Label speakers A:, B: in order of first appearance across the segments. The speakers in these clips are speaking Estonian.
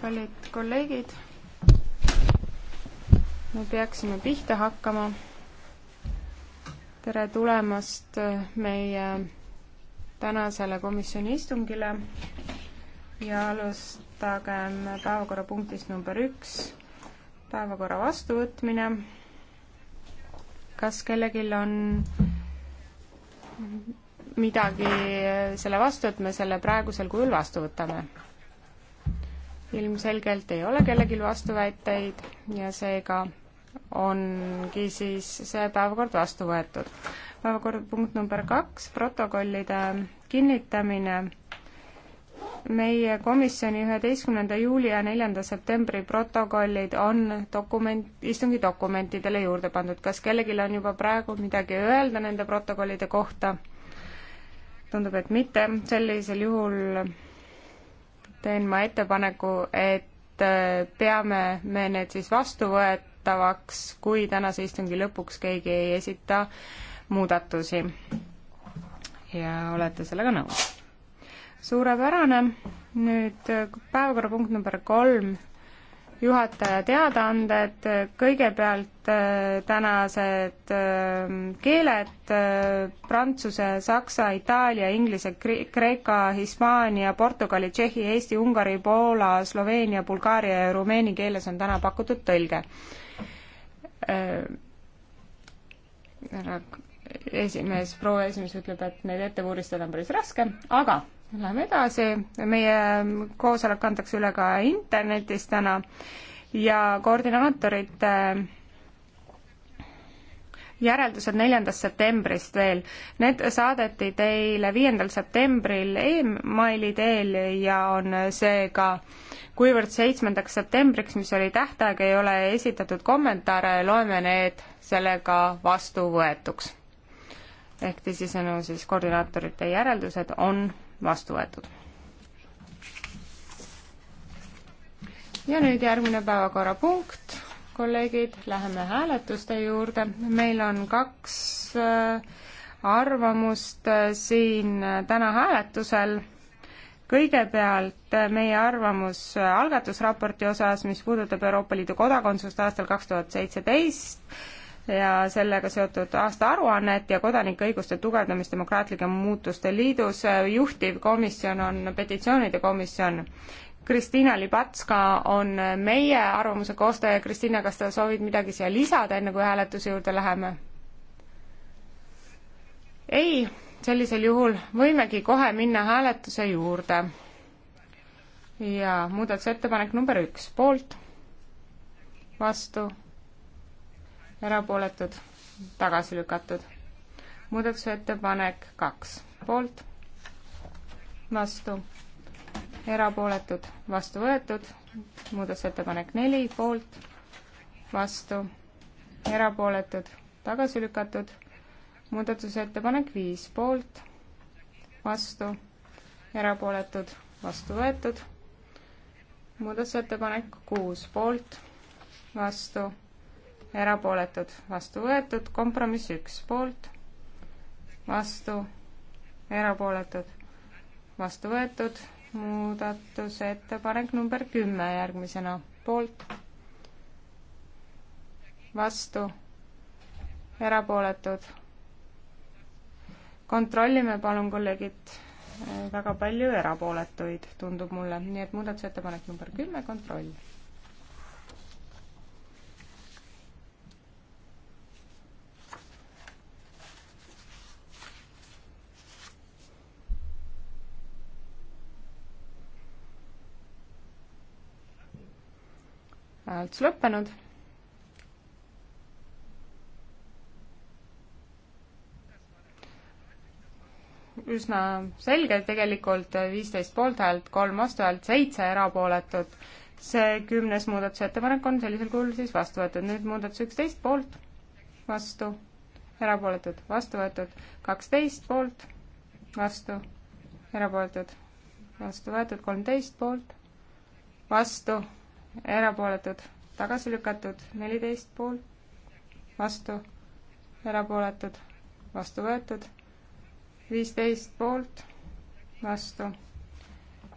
A: kallid kolleegid, me peaksime pihta hakkama. tere tulemast meie tänasele komisjoni istungile ja alustagem päevakorrapunktist number üks, päevakorra vastuvõtmine. kas kellelgi on midagi selle vastu, et me selle praegusel kujul vastu võtame? ilmselgelt ei ole kellelgi vastuväiteid ja seega ongi siis see päevakord vastu võetud. päevakorrapunkt number kaks, protokollide kinnitamine. meie komisjoni üheteistkümnenda juuli ja neljanda septembri protokollid on dokument, istungi dokumentidele juurde pandud. kas kellelgi on juba praegu midagi öelda nende protokollide kohta? tundub, et mitte, sellisel juhul teen ma ettepaneku, et äh, peame me need siis vastuvõetavaks, kui tänase istungi lõpuks keegi ei esita muudatusi. ja olete sellega nõus? suurepärane, nüüd äh, päevakorrapunkt number kolm juhataja teadaanded, kõigepealt äh, tänased äh, keeled äh, prantsuse, saksa, itaalia, inglise, kreeka, hispaania, portugali, tšehhi, eesti, ungari, poola, sloveenia, bulgaaria ja rumeeni keeles on täna pakutud tõlge. härra esimees, proua esimees ütleb, et neid ette vuuristada on päris raske, aga Läheme edasi, meie koosolek antakse üle ka internetis täna ja koordinaatorite järeldused neljandast septembrist veel. Need saadeti teile viiendal septembril emaili teel ja on seega kuivõrd seitsmendaks septembriks, mis oli tähtaeg, ei ole esitatud kommentaare, loeme need sellega vastuvõetuks ehk teisisõnu siis koordinaatorite järeldused on vastu võetud. ja nüüd järgmine päevakorrapunkt, kolleegid, läheme hääletuste juurde, meil on kaks äh, arvamust äh, siin äh, täna hääletusel kõigepealt meie arvamus algatusraporti osas, mis puudutab Euroopa Liidu kodakondsust aastal kaks tuhat seitseteist ja sellega seotud aastaaruannet ja kodanikuõiguste tugevdamist demokraatlike muutuste liidus. juhtivkomisjon on petitsioonide komisjon. Kristiina Libatska on meie arvamuse koostaja. Kristiina, kas sa soovid midagi siia lisada, enne kui hääletuse juurde läheme? ei, sellisel juhul võimegi kohe minna hääletuse juurde. ja muudatusettepanek number üks, poolt, vastu erapooletud, tagasi lükatud. muudatusettepanek kaks, poolt, vastu, erapooletud, vastu võetud, muudatusettepanek neli, poolt, vastu, erapooletud, tagasi lükatud, muudatusettepanek viis, poolt, vastu, erapooletud, vastu võetud, muudatusettepanek kuus, poolt, vastu erapooletud, vastu võetud, kompromiss üks poolt, vastu, erapooletud, vastu võetud, muudatusettepanek number kümme järgmisena, poolt, vastu, erapooletud. kontrollime palun, kolleegid, eh, väga palju erapooletuid tundub mulle, nii et muudatusettepanek number kümme, kontroll hääletus lõppenud. üsna selge tegelikult, viisteist poolthäält, kolm vastuhäält, seitse erapooletut. see kümnes muudatusettepanek on sellisel kujul siis vastu võetud. nüüd muudatus üksteist poolt, vastu, erapooletud, vastu võetud, kaksteist poolt, vastu, erapooletud, vastu võetud, kolmteist poolt, vastu erapooletud, tagasi lükatud, neliteist pool, vastu, erapooletud, vastu võetud, viisteist poolt, vastu,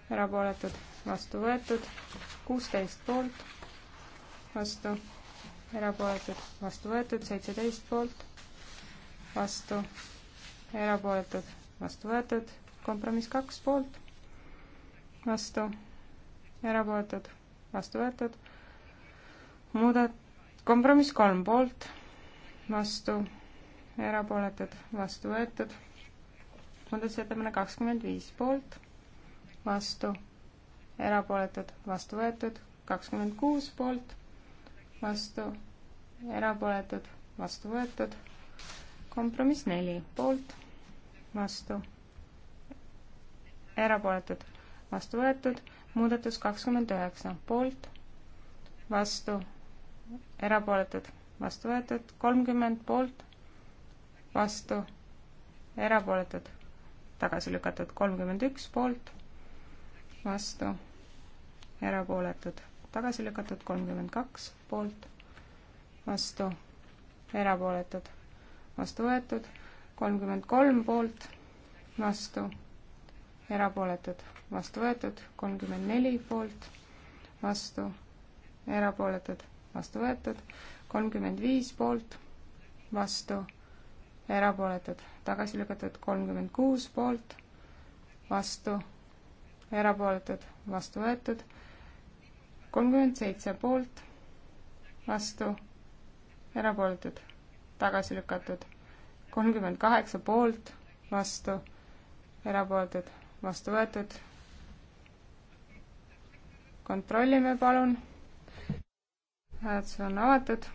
A: erapooletud, vastu võetud, kuusteist poolt, vastu, erapooletud, vastu võetud, seitseteist poolt, vastu, erapooletud, vastu võetud, kompromiss kaks poolt, vastu, erapooletud vastu võetud. muudat-, kompromiss kolm poolt, vastu, erapooletud, vastu võetud. muudatusettepanek kakskümmend viis poolt, vastu, erapooletud, vastu võetud, kakskümmend kuus poolt, vastu, erapooletud, vastu võetud. kompromiss neli poolt, vastu, erapooletud, vastu võetud muudatus kakskümmend üheksa, poolt, vastu, erapooletud, vastu võetud, kolmkümmend poolt, vastu, erapooletud, tagasi lükatud, kolmkümmend üks poolt, vastu, erapooletud, tagasi lükatud, kolmkümmend kaks poolt, vastu, erapooletud, vastu võetud, kolmkümmend kolm poolt, vastu erapooletud, vastu võetud, kolmkümmend neli poolt, vastu, erapooletud, vastu võetud, kolmkümmend viis poolt, vastu, erapooletud, tagasi lükatud, kolmkümmend kuus poolt, vastu, erapooletud, vastu võetud, kolmkümmend seitse poolt, vastu, erapooletud, tagasi lükatud, kolmkümmend kaheksa poolt, vastu, erapooletud, vastu võetud. kontrollime palun. hääletus on avatud.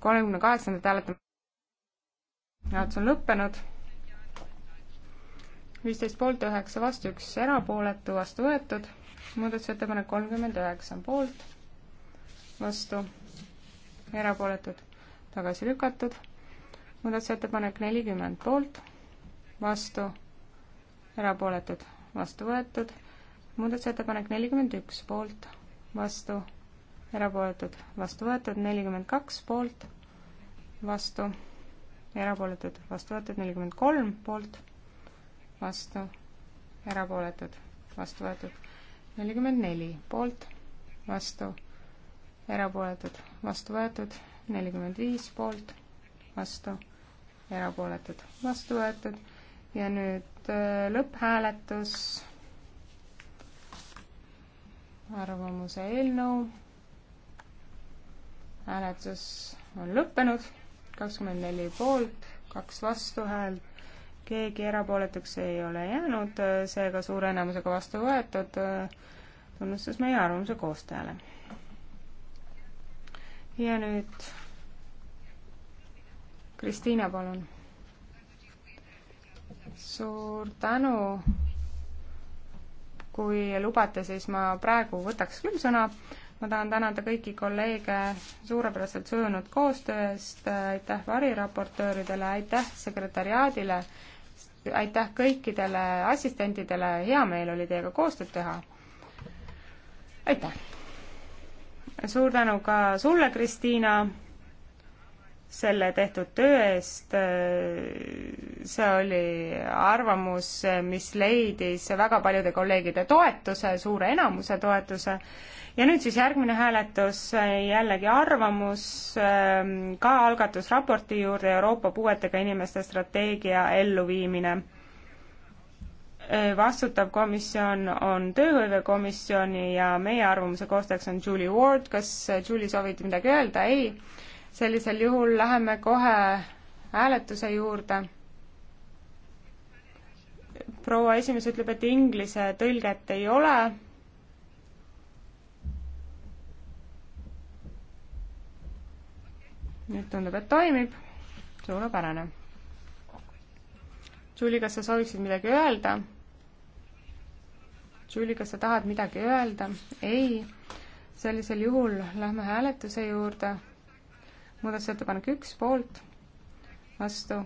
A: kolmekümne kaheksandat hääletame. hääletus on lõppenud. viisteist poolt, üheksa vastu, üks erapooletu, vastu võetud. muudatusettepanek kolmkümmend üheksa poolt, vastu, erapooletud, tagasi lükatud muudatusettepanek nelikümmend poolt, vastu, erapooletud, vastu võetud. muudatusettepanek nelikümmend üks poolt, vastu, erapooletud, vastu võetud, nelikümmend kaks poolt, vastu, erapooletud, vastu võetud, nelikümmend kolm poolt, vastu, erapooletud, vastu võetud, nelikümmend neli poolt, vastu, erapooletud, vastu võetud, nelikümmend viis poolt, vastu erapooletud, vastu võetud. ja nüüd äh, lõpphääletus, arvamuse eelnõu, hääletus on lõppenud, kakskümmend neli poolt, kaks vastuhäält, keegi erapooletuks ei ole jäänud, äh, seega suure enamusega vastu võetud, äh, tunnustus meie arvamuse koostajale. ja nüüd Kristiina, palun. suur tänu. kui lubate, siis ma praegu võtaks küll sõna. ma tahan tänada kõiki kolleege suurepäraselt sujunud koostöö eest, aitäh variraportööridele, aitäh sekretäriaadile, aitäh kõikidele assistentidele, hea meel oli teiega koostööd teha. aitäh! suur tänu ka sulle, Kristiina selle tehtud töö eest. see oli arvamus, mis leidis väga paljude kolleegide toetuse, suure enamuse toetuse. ja nüüd siis järgmine hääletus, jällegi arvamus ka algatusraporti juurde Euroopa puuetega inimeste strateegia elluviimine vastutav komisjon on tööhõivekomisjoni ja meie arvamuse koostajaks on Julie Ward, kas Julie soovib midagi öelda, ei? sellisel juhul läheme kohe hääletuse juurde. proua esimees ütleb, et inglise tõlget ei ole nüüd tundub, et toimib, suurepärane. Julie, kas sa sooviksid midagi öelda? Julie, kas sa tahad midagi öelda? ei. sellisel juhul lähme hääletuse juurde muudatusettepanek üks poolt, vastu,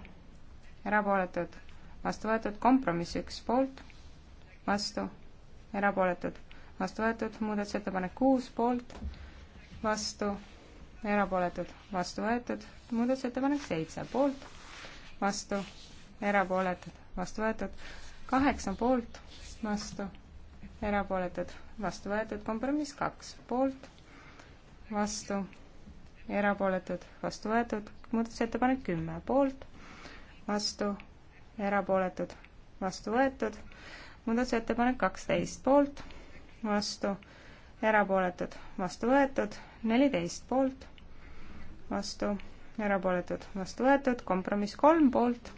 A: erapooletud, vastu võetud, kompromiss üks poolt, vastu, erapooletud, vastu võetud, muudatusettepanek kuus poolt, vastu, erapooletud, vastu võetud, muudatusettepanek seitse poolt, vastu, erapooletud, vastu võetud, kaheksa poolt, vastu, erapooletud, vastu võetud, kompromiss kaks poolt, vastu erapooletud, vastu võetud, muudatusettepanek kümme poolt, vastu, erapooletud, vastu võetud, muudatusettepanek kaksteist poolt, vastu, erapooletud, vastu võetud, neliteist poolt, vastu, erapooletud, vastu võetud, kompromiss kolm poolt,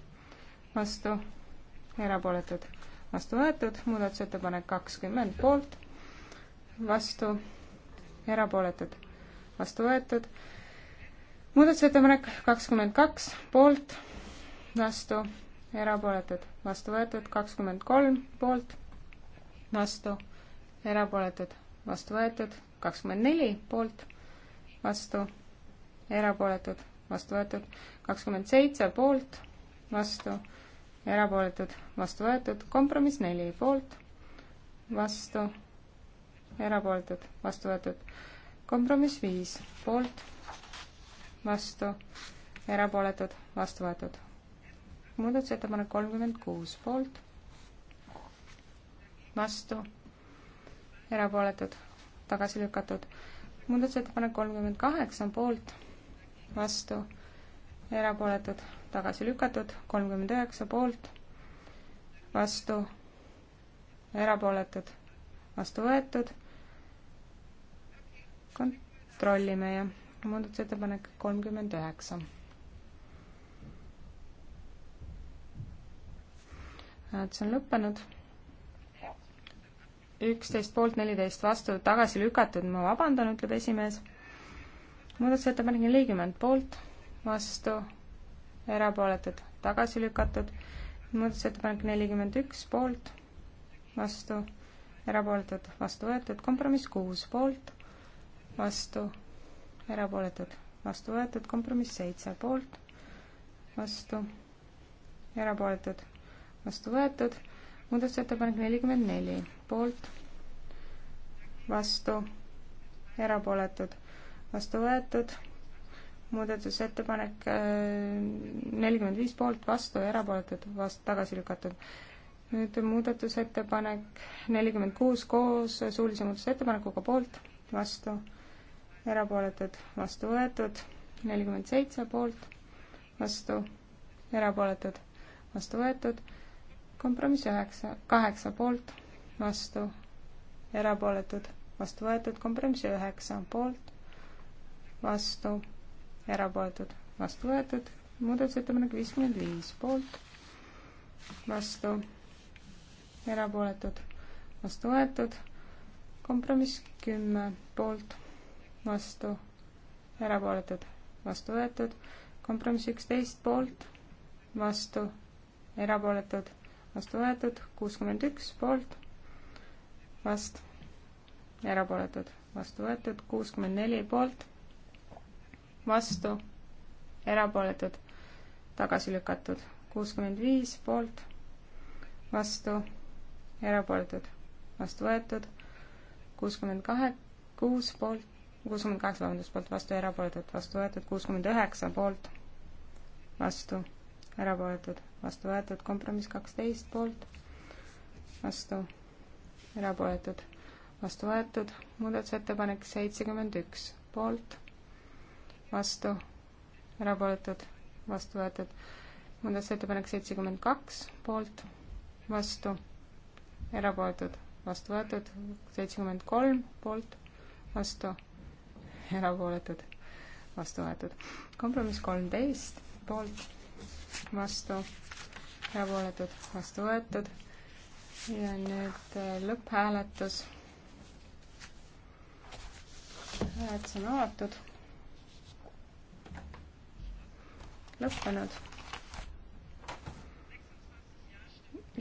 A: vastu, erapooletud, vastu võetud, muudatusettepanek kakskümmend poolt, vastu, erapooletud, vastu võetud, muudatusettepanek kakskümmend kaks, poolt, vastu, erapooletud, vastu võetud, kakskümmend kolm, poolt, vastu, erapooletud, vastu võetud, kakskümmend neli, poolt, vastu, erapooletud, vastu võetud, kakskümmend seitse, poolt, vastu, erapooletud, vastu võetud, kompromiss neli, poolt, vastu, erapooletud, vastu võetud, kompromiss viis, poolt vastu, erapooletud, vastu võetud. muudatusettepanek kolmkümmend kuus poolt, vastu, erapooletud, tagasi lükatud. muudatusettepanek kolmkümmend kaheksa poolt, vastu, erapooletud, tagasi lükatud, kolmkümmend üheksa poolt, vastu, erapooletud, vastu võetud. kontrollime ja muudatusettepanek kolmkümmend üheksa. hääletus on lõppenud. üksteist poolt, neliteist vastu, tagasi lükatud, ma vabandan, ütleb esimees. muudatusettepanek nelikümmend poolt, vastu, erapooletud, tagasi lükatud. muudatusettepanek nelikümmend üks poolt, vastu, erapooletud, vastu võetud, kompromiss kuus poolt, vastu erapooletud, vastu võetud, kompromiss seitse poolt, vastu, erapooletud, vastu võetud, muudatusettepanek nelikümmend neli poolt, vastu, erapooletud, vastu võetud, muudatusettepanek äh, nelikümmend viis poolt, vastu, erapooletud, vastu, tagasi lükatud nüüd muudatusettepanek nelikümmend kuus koos suulise muudatusettepanekuga poolt, vastu, erapooletud, vastu võetud, nelikümmend seitse poolt, vastu, erapooletud, vastu võetud, kompromiss üheksa, kaheksa poolt, vastu, erapooletud, vastu võetud, kompromiss üheksa poolt, vastu, erapooletud, vastu võetud, muudatusettepanek viiskümmend viis poolt, vastu, erapooletud, vastu võetud, kompromiss kümme poolt vastu, erapooletud, vastu võetud, kompromiss üksteist poolt, vastu, erapooletud, vastu võetud, kuuskümmend üks poolt, vastu, erapooletud, vastu võetud, kuuskümmend neli poolt, vastu, erapooletud, tagasi lükatud, kuuskümmend viis poolt, vastu, erapooletud, vastu võetud, kuuskümmend kahe, kuus poolt, kuuskümmend kaheksa, vabandust, poolt vastu, erapooletud, vastu võetud, kuuskümmend üheksa poolt vastu, erapooletud, vastu võetud, kompromiss kaksteist poolt vastu, erapooletud, vastu võetud, muudatusettepanek seitsekümmend üks poolt vastu, erapooletud, vastu võetud, muudatusettepanek seitsekümmend kaks poolt vastu, erapooletud, vastu võetud, seitsekümmend kolm poolt vastu erapooletud, vastu võetud. kompromiss kolmteist, poolt, vastu, erapooletud, vastu võetud. ja nüüd äh, lõpphääletus. hääletus on avatud. lõppenud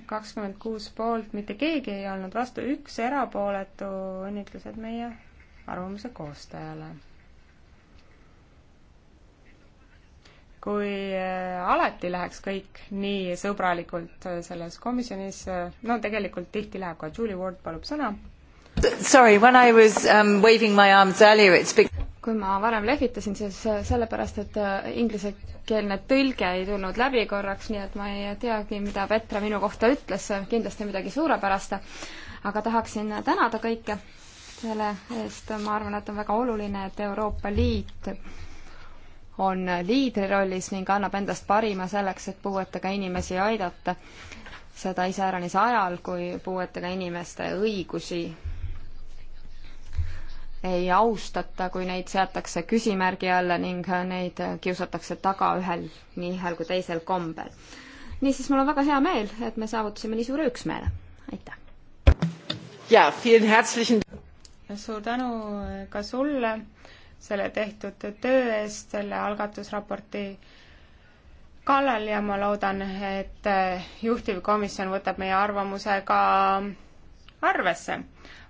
A: kakskümmend kuus poolt, mitte keegi ei olnud vastu, üks erapooletu, õnnitlused meie arvamuse koostajale. kui äh, alati läheks kõik nii sõbralikult äh, selles komisjonis, äh, no tegelikult tihti läheb ka, Julie Ward palub sõna.
B: Sorry, when I was
C: um, waving my arms earlier it's because
B: kui ma varem lehvitasin, siis sellepärast, et inglisekeelne tõlge ei tulnud läbi korraks, nii et ma ei teagi, mida Petra minu kohta ütles, kindlasti midagi suurepärast. aga tahaksin tänada kõike selle eest, ma arvan, et on väga oluline, et Euroopa Liit on liidri rollis ning annab endast parima selleks, et puuetega inimesi aidata. seda iseäranis ajal, kui puuetega inimeste õigusi ei austata, kui neid seatakse küsimärgi alla ning neid kiusatakse taga ühel, nii ühel kui teisel kombel. niisiis, mul on väga hea meel, et me saavutasime nii suure üksmeele. aitäh!
C: ja, vielen herzlichen suur
A: tänu ka sulle selle tehtud töö eest, selle algatusraporti kallal ja ma loodan, et eh, juhtivkomisjon võtab meie arvamuse ka arvesse.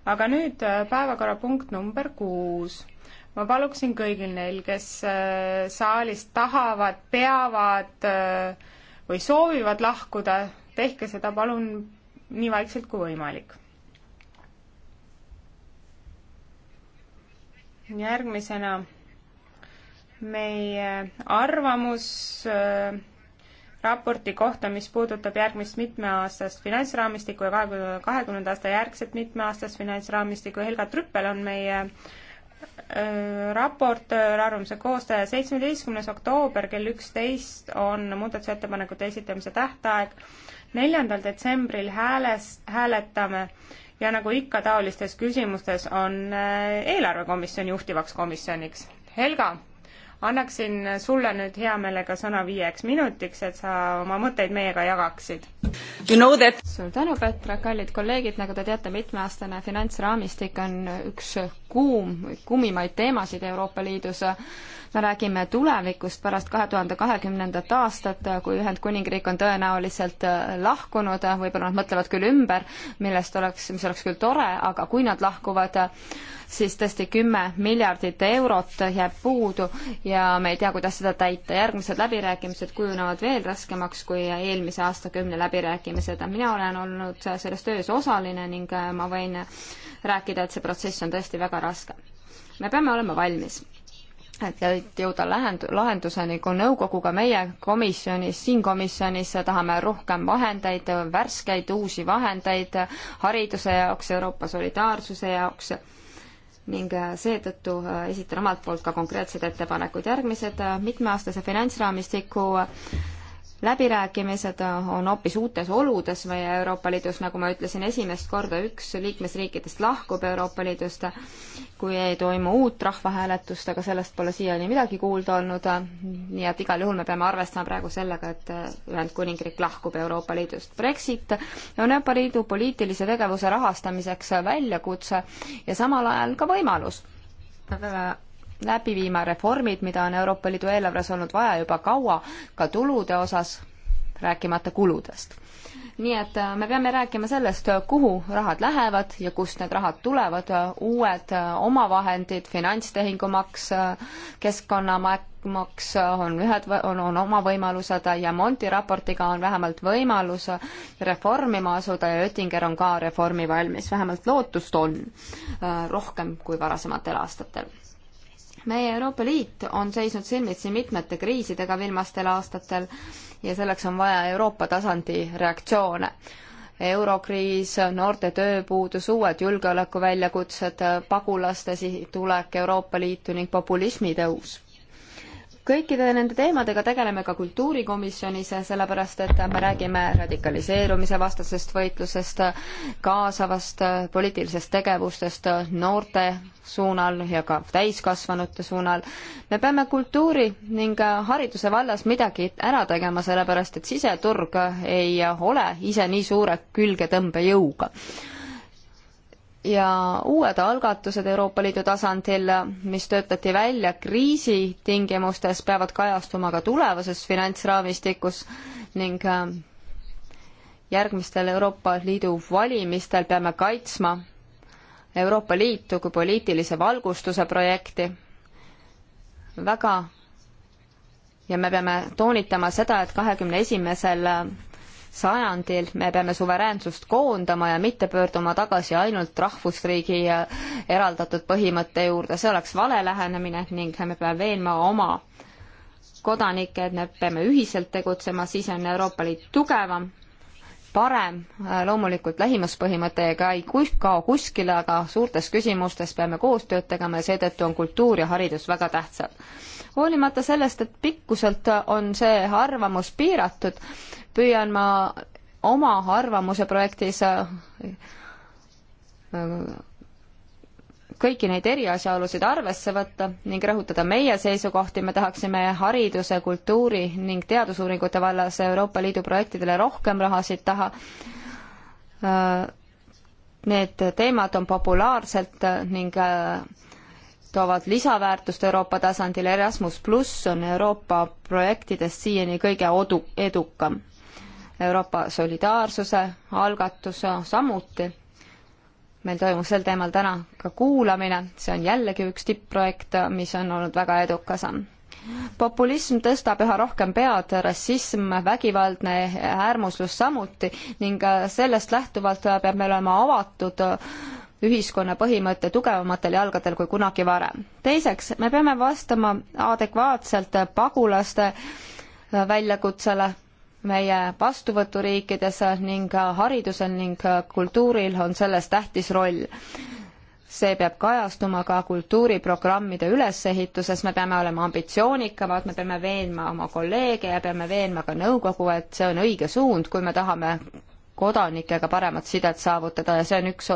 A: aga nüüd eh, päevakorrapunkt number kuus. ma paluksin kõigil neil, kes eh, saalist tahavad, peavad või soovivad lahkuda, tehke seda palun nii vaikselt kui võimalik järgmisena meie arvamus äh, raporti kohta, mis puudutab järgmist mitmeaastast finantsraamistikku ja kahekümne, kahekümnenda aasta järgset mitmeaastast finantsraamistikku. Helga Trüppel on meie äh, raportöör, arvamuse koostaja. seitsmeteistkümnes oktoober kell üksteist on muudatusettepanekute esitamise tähtaeg. neljandal detsembril hääles, hääletame ja nagu ikka taolistes küsimustes, on äh, eelarvekomisjon juhtivaks komisjoniks. Helga, annaksin sulle nüüd hea meelega sõna viieks minutiks, et sa oma mõtteid meiega jagaksid you. Know that...
B: suur tänu, Petra, kallid kolleegid, nagu te teate, mitmeaastane finantsraamistik on üks kuum, kumimaid teemasid Euroopa Liidus. me räägime tulevikust pärast kahe tuhande kahekümnendat aastat, kui Ühendkuningriik on tõenäoliselt äh, lahkunud, võib-olla nad mõtlevad küll ümber, millest oleks, mis oleks küll tore, aga kui nad lahkuvad, siis tõesti kümme miljardit eurot jääb puudu ja me ei tea, kuidas seda täita. järgmised läbirääkimised kujunevad veel raskemaks kui eelmise aastakümne läbirääkimised. mina olen olnud selles töös osaline ning äh, ma võin rääkida, et see protsess on tõesti väga väga raske. me peame olema valmis et jõuda lähend-, lahenduseni, kui nõukoguga meie komisjonis, siin komisjonis tahame rohkem vahendeid, värskeid uusi vahendeid hariduse jaoks, Euroopa solidaarsuse jaoks ning seetõttu esitan omalt poolt ka konkreetsed ettepanekud. järgmised mitmeaastase finantsraamistiku läbirääkimised on hoopis uutes oludes meie Euroopa Liidus, nagu ma ütlesin, esimest korda üks liikmesriikidest lahkub Euroopa Liidust, kui ei toimu uut rahvahääletust, aga sellest pole siiani midagi kuulda olnud. nii et igal juhul me peame arvestama praegu sellega, et Ühendkuningriik lahkub Euroopa Liidust. Brexit on Euroopa Liidu poliitilise tegevuse rahastamiseks väljakutse ja samal ajal ka võimalus. me peame läbi viima reformid, mida on Euroopa Liidu eelarves olnud vaja juba kaua, ka tulude osas, rääkimata kuludest. nii et äh, me peame rääkima sellest, äh, kuhu rahad lähevad ja kust need rahad tulevad, äh, uued omavahendid, finantstehingumaks, keskkonnamaks on ühed, on, on oma võimalused ja Monti raportiga on vähemalt võimalus reformima asuda ja Oettinger on ka reformi valmis, vähemalt lootust on rohkem kui varasematel aastatel meie Euroopa Liit on seisnud silmitsi mitmete kriisidega viimastel aastatel ja selleks on vaja Euroopa tasandi reaktsioone. eurokriis, noorte tööpuudus, uued julgeolekuväljakutsed, pagulaste tulek Euroopa Liitu ning populismi tõus kõikide nende teemadega tegeleme ka kultuurikomisjonis, sellepärast et me räägime radikaliseerumise vastasest võitlusest, kaasavast äh, poliitilisest tegevustest äh, noorte suunal ja ka täiskasvanute suunal. me peame kultuuri ning äh, hariduse vallas midagi ära tegema, sellepärast et siseturg ei ole ise nii suure külgetõmbejõuga ja uued algatused Euroopa Liidu tasandil, mis töötati välja kriisi tingimustes, peavad kajastuma ka tulevases finantsraamistikus ning äh, järgmistel Euroopa Liidu valimistel peame kaitsma Euroopa Liitu kui poliitilise valgustuse projekti väga ja me peame toonitama seda, et kahekümne esimesel sajandil me peame suveräänsust koondama ja mitte pöörduma tagasi ainult rahvusriigi eraldatud põhimõtte juurde, see oleks vale lähenemine ning me peame veenma oma kodanikke, et me peame ühiselt tegutsema, siis on Euroopa Liit tugevam, parem, loomulikult lähimuspõhimõte ega ei kus, kao kuskile, aga suurtes küsimustes peame koostööd tegema ja seetõttu on kultuur ja haridus väga tähtsad hoolimata sellest, et pikkuselt on see arvamus piiratud, püüan ma oma arvamuse projektis äh, kõiki neid eriasjaolusid arvesse võtta ning rõhutada meie seisukohti, me tahaksime hariduse, kultuuri ning teadusuuringute vallas Euroopa Liidu projektidele rohkem rahasid taha. Äh, need teemad on populaarselt ning äh, toovad lisaväärtust Euroopa tasandil, Erasmus pluss on Euroopa projektidest siiani kõige odu-, edukam. Euroopa solidaarsuse algatus samuti. meil toimus sel teemal täna ka kuulamine, see on jällegi üks tippprojekt, mis on olnud väga edukas populism tõstab üha rohkem pead, rassism, vägivaldne äärmuslus samuti ning sellest lähtuvalt peab meil olema avatud ühiskonna põhimõtte tugevamatel jalgadel kui kunagi varem. teiseks, me peame vastama adekvaatselt pagulaste väljakutsele meie vastuvõturiikides ning haridusel ning kultuuril on selles tähtis roll. see peab kajastuma ka kultuuriprogrammide ülesehituses, me peame olema ambitsioonikamad, me peame veenma oma kolleege ja peame veenma ka nõukogu, et see on õige suund, kui me tahame kodanikega paremat sidet saavutada ja see on üks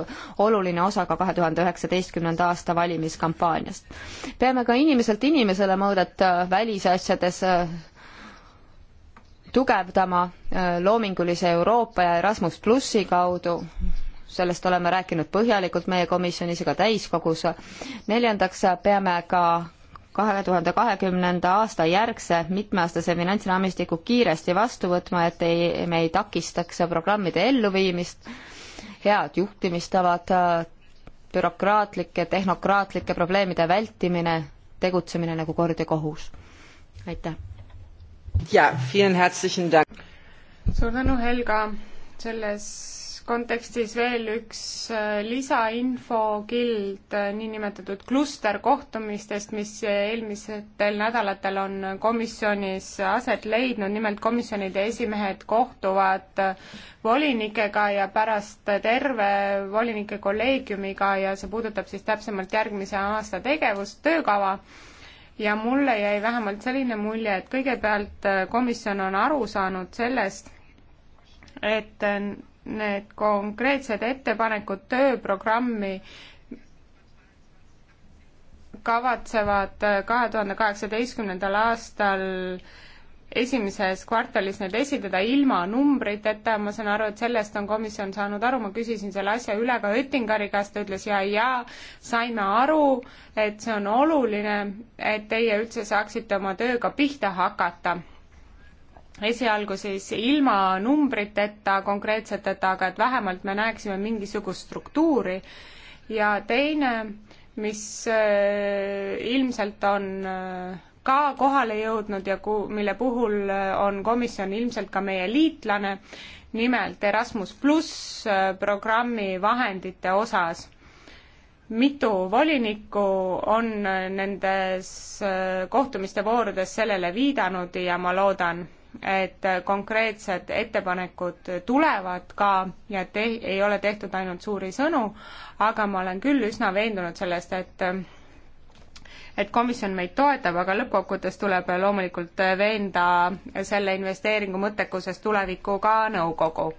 B: oluline osa ka kahe tuhande üheksateistkümnenda aasta valimiskampaaniast. peame ka inimeselt inimesele mõõdet äh, välisasjades äh, tugevdama äh, loomingulise Euroopa ja Erasmus plussi kaudu, sellest oleme rääkinud põhjalikult meie komisjonis ja ka täiskogus. neljandaks peame ka kahe tuhande kahekümnenda aasta järgse mitmeaastase finantsraamistiku kiiresti vastu võtma, et ei, me ei takistaks programmide elluviimist, head juhtimistavad, bürokraatlike, tehnokraatlike probleemide vältimine, tegutsemine nagu kord ja kohus. aitäh!
C: jaa,
A: suur tänu, Helga, selles kontekstis veel üks äh, lisainfokild äh, niinimetatud klusterkohtumistest, mis äh, eelmistel nädalatel on komisjonis aset leidnud, nimelt komisjonide esimehed kohtuvad volinikega ja pärast terve volinike kolleegiumiga ja see puudutab siis täpsemalt järgmise aasta tegevust, töökava ja mulle jäi vähemalt selline mulje, et kõigepealt komisjon on aru saanud sellest, et need konkreetsed ettepanekud tööprogrammi kavatsevad äh, kahe tuhande kaheksateistkümnendal aastal esimeses kvartalis need esitada ilma numbriteta, ma saan aru, et sellest on komisjon saanud aru, ma küsisin selle asja üle ka Oettingari käest, ta ütles ja, ja saime aru, et see on oluline, et teie üldse saaksite oma tööga pihta hakata esialgu siis ilma numbriteta, konkreetseteta, aga et vähemalt me näeksime mingisugust struktuuri ja teine, mis äh, ilmselt on äh, ka kohale jõudnud ja ku-, mille puhul äh, on komisjon ilmselt ka meie liitlane, nimelt Erasmus pluss programmi vahendite osas. mitu volinikku on nendes kohtumiste voorudes sellele viidanud ja ma loodan, et konkreetsed ettepanekud tulevad ka ja et ei ole tehtud ainult suuri sõnu, aga ma olen küll üsna veendunud sellest, et et komisjon meid toetab, aga lõppkokkuvõttes tuleb loomulikult veenda selle investeeringu mõttekuses tulevikku ka nõukogu.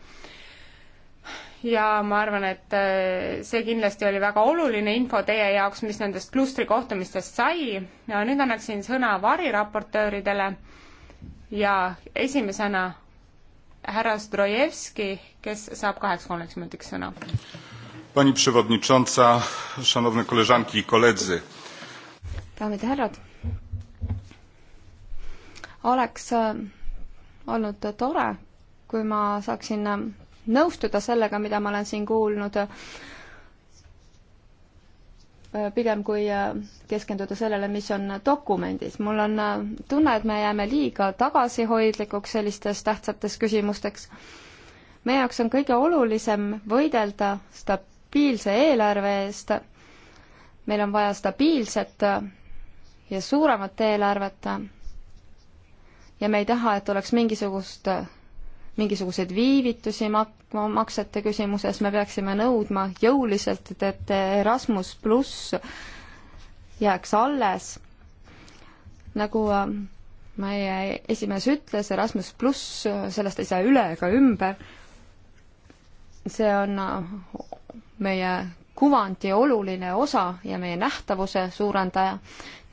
A: ja ma arvan, et see kindlasti oli väga oluline info teie jaoks, mis nendest klustri kohtumistest sai ja nüüd annaksin sõna variraportööridele ja esimesena härra Zdrojevski, kes saab kaheks kolmeks minutiks sõna. Pani przewodnicząca, szanowne koleżanki i koledzy.
B: daamid ja härrad, oleks e, olnud tore, kui ma saaksin e, nõustuda sellega, mida ma olen siin kuulnud, e, pigem kui keskenduda sellele, mis on dokumendis. mul on äh, tunne, et me jääme liiga tagasihoidlikuks sellistes tähtsates küsimusteks. meie jaoks on kõige olulisem võidelda stabiilse eelarve eest. meil on vaja stabiilset ja suuremat eelarvet. ja me ei taha, et oleks mingisugust mingisuguseid viivitusi mak-, maksete küsimuses, me peaksime nõudma jõuliselt, et Erasmus pluss jääks alles. nagu äh, meie esimees ütles, Erasmus pluss, äh, sellest ei saa üle ega ümber. see on äh, meie kuvandi oluline osa ja meie nähtavuse suurendaja.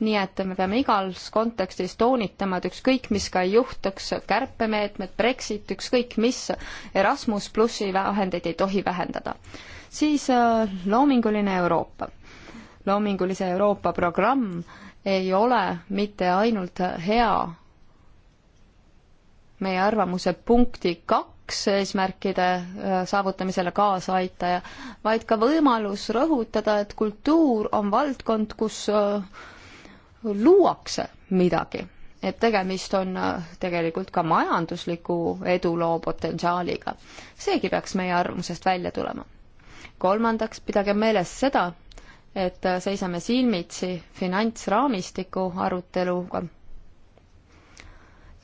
B: nii et me peame igas kontekstis toonitama, et ükskõik, mis ka ei juhtuks, kärpemeetmed, Brexit, ükskõik mis, Erasmus plussi vahendeid ei tohi vähendada. siis loominguline Euroopa loomingulise Euroopa programm ei ole mitte ainult hea meie arvamuse punkti kaks eesmärkide äh, saavutamisele kaasaaitaja, vaid ka võimalus rõhutada, et kultuur on valdkond, kus äh, luuakse midagi. et tegemist on äh, tegelikult ka majandusliku eduloo potentsiaaliga. seegi peaks meie arvamusest välja tulema. kolmandaks, pidage meeles seda, et seisame silmitsi finantsraamistiku aruteluga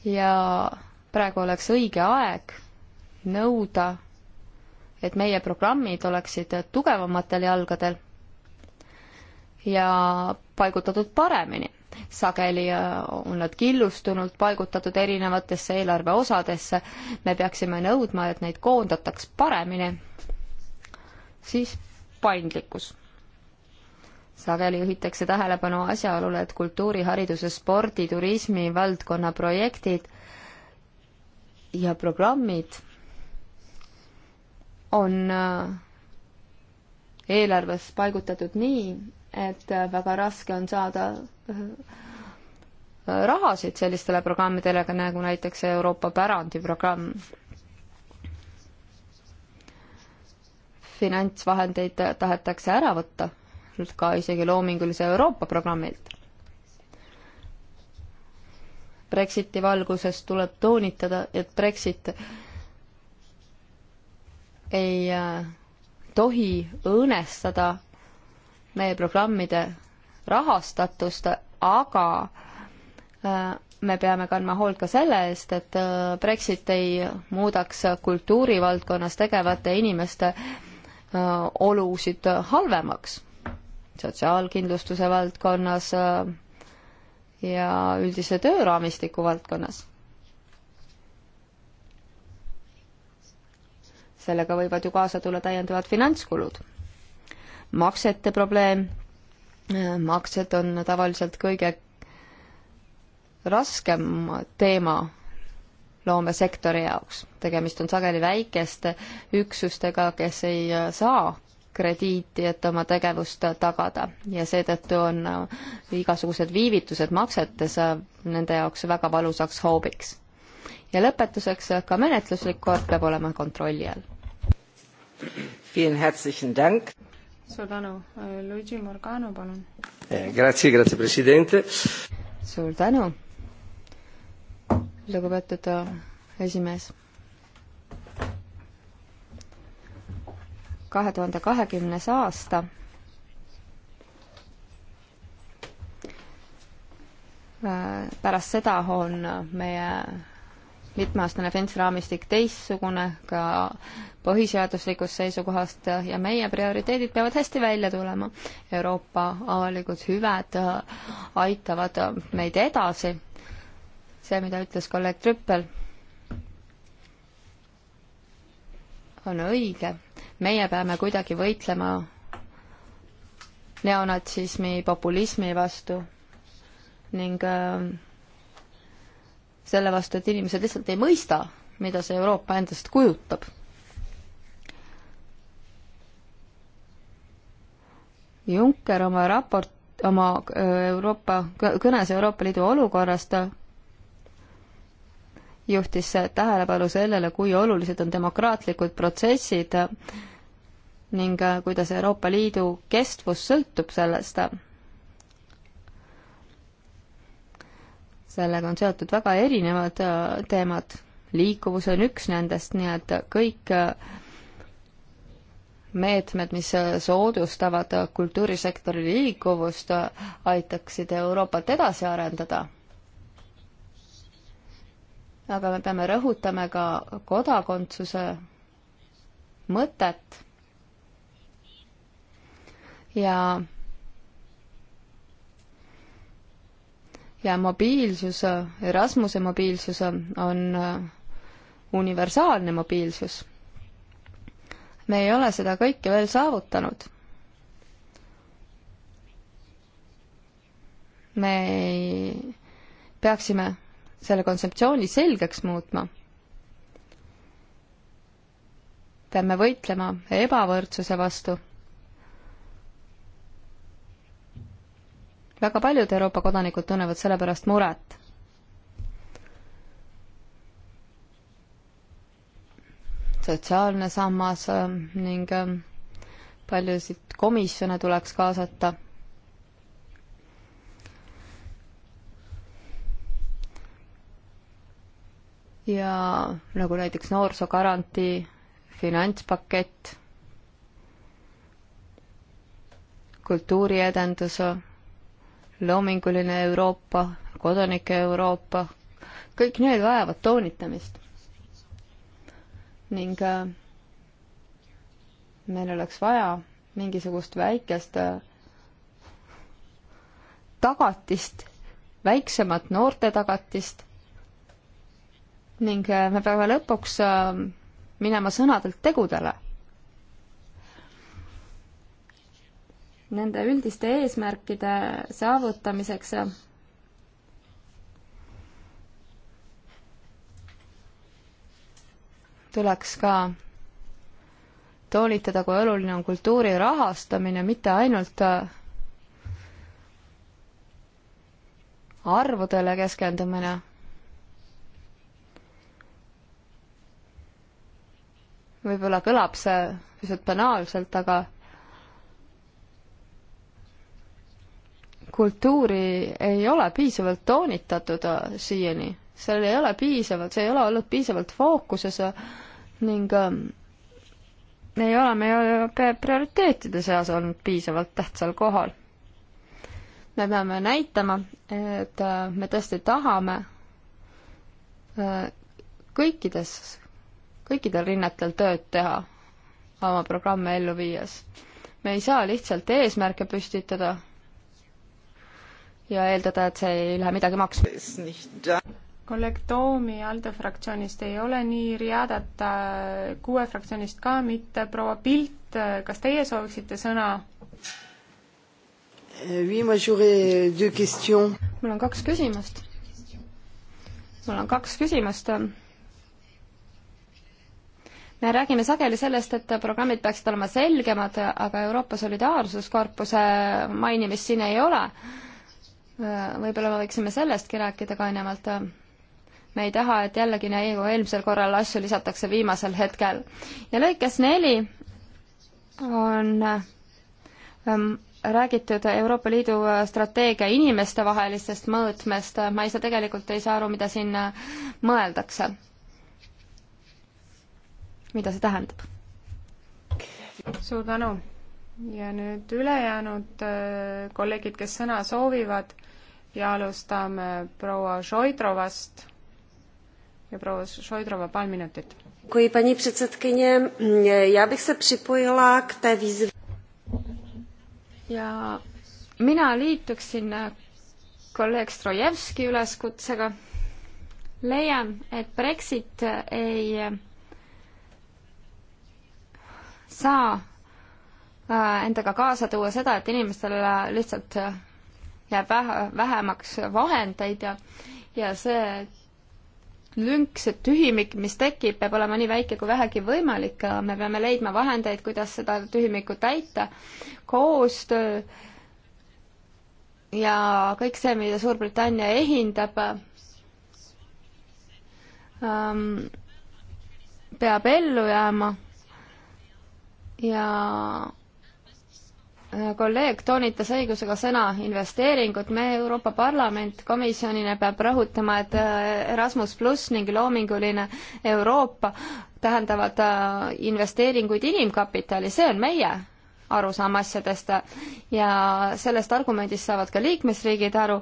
B: ja praegu oleks õige aeg nõuda, et meie programmid oleksid tugevamatel jalgadel ja paigutatud paremini. sageli äh, on nad killustunult paigutatud erinevatesse eelarve osadesse, me peaksime nõudma, et neid koondataks paremini, siis paindlikkus sageli juhitakse tähelepanu asjaolule, et kultuuri, hariduse, spordi, turismi valdkonna projektid ja programmid on äh, eelarves paigutatud nii, et äh, väga raske on saada äh, rahasid sellistele programmidele, nagu näiteks Euroopa pärandiprogramm. finantsvahendeid tahetakse ära võtta ka isegi loomingulise Euroopa programmilt. Brexiti valguses tuleb toonitada, et Brexit ei äh, tohi õõnestada meie programmide rahastatust, aga äh, me peame kandma hoolt ka selle eest, et äh, Brexit ei muudaks kultuurivaldkonnas tegevate inimeste olusid halvemaks sotsiaalkindlustuse valdkonnas äh, ja üldise tööraamistiku valdkonnas. sellega võivad ju kaasa tulla täiendavad finantskulud. maksete probleem, äh, maksed on tavaliselt kõige raskem teema loomesektori jaoks. tegemist on sageli väikeste üksustega, kes ei äh, saa krediiti, et oma tegevust tagada ja seetõttu on äh, igasugused viivitused maksetes äh, nende jaoks väga valusaks hoobiks. ja lõpetuseks, äh, ka menetluslik kord peab olema kontrolli all.
A: suur tänu, Luigi Morgano, palun.
B: Eh, grazie, grazie, president. suur tänu, lugupeetud esimees kahe tuhande kahekümnes aasta. pärast seda on meie mitmeaastane finantsraamistik teistsugune ka põhiseaduslikust seisukohast ja meie prioriteedid peavad hästi välja tulema. Euroopa avalikud hüved aitavad meid edasi. see, mida ütles kolleeg Trüppel on õige, meie peame kuidagi võitlema neonatsismi, populismi vastu ning äh, selle vastu, et inimesed lihtsalt ei mõista, mida see Euroopa endast kujutab. Juncker oma raport, oma äh, Euroopa, kõnes Euroopa Liidu olukorrast juhtis tähelepanu sellele, kui olulised on demokraatlikud protsessid ning kuidas Euroopa Liidu kestvus sõltub sellest. sellega on seotud väga erinevad äh, teemad, liikuvus on üks nendest, nii et kõik äh, meetmed, mis äh, soodustavad kultuurisektori liikuvust, aitaksid Euroopat edasi arendada aga me peame rõhutama ka kodakondsuse mõtet ja ja mobiilsus, Erasmuse mobiilsus on universaalne mobiilsus. me ei ole seda kõike veel saavutanud. me ei, peaksime selle kontseptsiooni selgeks muutma. peame võitlema ebavõrdsuse vastu. väga paljud Euroopa kodanikud tunnevad selle pärast muret. sotsiaalne sammas äh, ning äh, paljusid komisjone tuleks kaasata ja nagu näiteks noorsoogarantii, finantspakett, kultuuriedendus, loominguline Euroopa, kodanike Euroopa, kõik need vajavad toonitamist. ning äh, meil oleks vaja mingisugust väikest äh, tagatist, väiksemat noorte tagatist ning äh, me peame lõpuks äh, minema sõnadelt tegudele. Nende üldiste eesmärkide saavutamiseks äh, tuleks ka toolitada, kui oluline on kultuuri rahastamine, mitte ainult arvudele keskendumine võib-olla kõlab see pisut banaalselt, aga kultuuri ei ole piisavalt toonitatud äh, siiani, seal ei ole piisavalt, see ei ole olnud piisavalt fookuses äh, ning ähm, ei ole meie prioriteetide seas olnud piisavalt tähtsal kohal. me peame näitama, et äh, me tõesti tahame äh, kõikides kõikidel rinnetel tööd teha oma programme ellu viies. me ei saa lihtsalt eesmärke püstitada ja eeldada, et see ei lähe midagi maksma. kolleeg
A: Toomi ALDE fraktsioonist ei ole nii riadata, äh, kuue fraktsioonist ka mitte, proua Pilt, äh, kas teie sooviksite sõna?
C: Eh,
B: mul on kaks küsimust. mul on kaks küsimust me räägime sageli sellest, et programmid peaksid olema selgemad, aga Euroopa Solidaarsuskorpuse mainimist siin ei ole. võib-olla me võiksime sellestki rääkida kainemalt. me ei taha, et jällegi nagu eelmisel korral asju lisatakse viimasel hetkel. ja lõikes neli on ähm, räägitud Euroopa Liidu strateegia inimestevahelisest mõõtmest, ma ei saa, tegelikult ei saa aru, mida siin mõeldakse mida see tähendab.
A: suur tänu ja nüüd ülejäänud äh, kolleegid, kes sõna soovivad ja alustame proua Šoidrovast ja proua Šoidrova, paar minutit. kui pani predsedkinje, ja bych se
B: připojila k té výzvě. ja mina liituksin äh, kolleeg Strojevski üleskutsega leian, et Brexit äh, ei saa äh, endaga kaasa tuua seda, et inimestel lihtsalt jääb vähe, vähemaks vahendeid ja, ja see lünk, see tühimik, mis tekib, peab olema nii väike kui vähegi võimalik. me peame leidma vahendeid, kuidas seda tühimikku täita. koostöö ja kõik see, mida Suurbritannia ehindab, ähm, peab ellu jääma ja äh, kolleeg toonitas õigusega sõna investeeringud, me Euroopa Parlament komisjonina peab rõhutama, et äh, Erasmus pluss ning loominguline Euroopa tähendavad äh, investeeringuid inimkapitali, see on meie arusaam asjadest ja sellest argumendist saavad ka liikmesriigid aru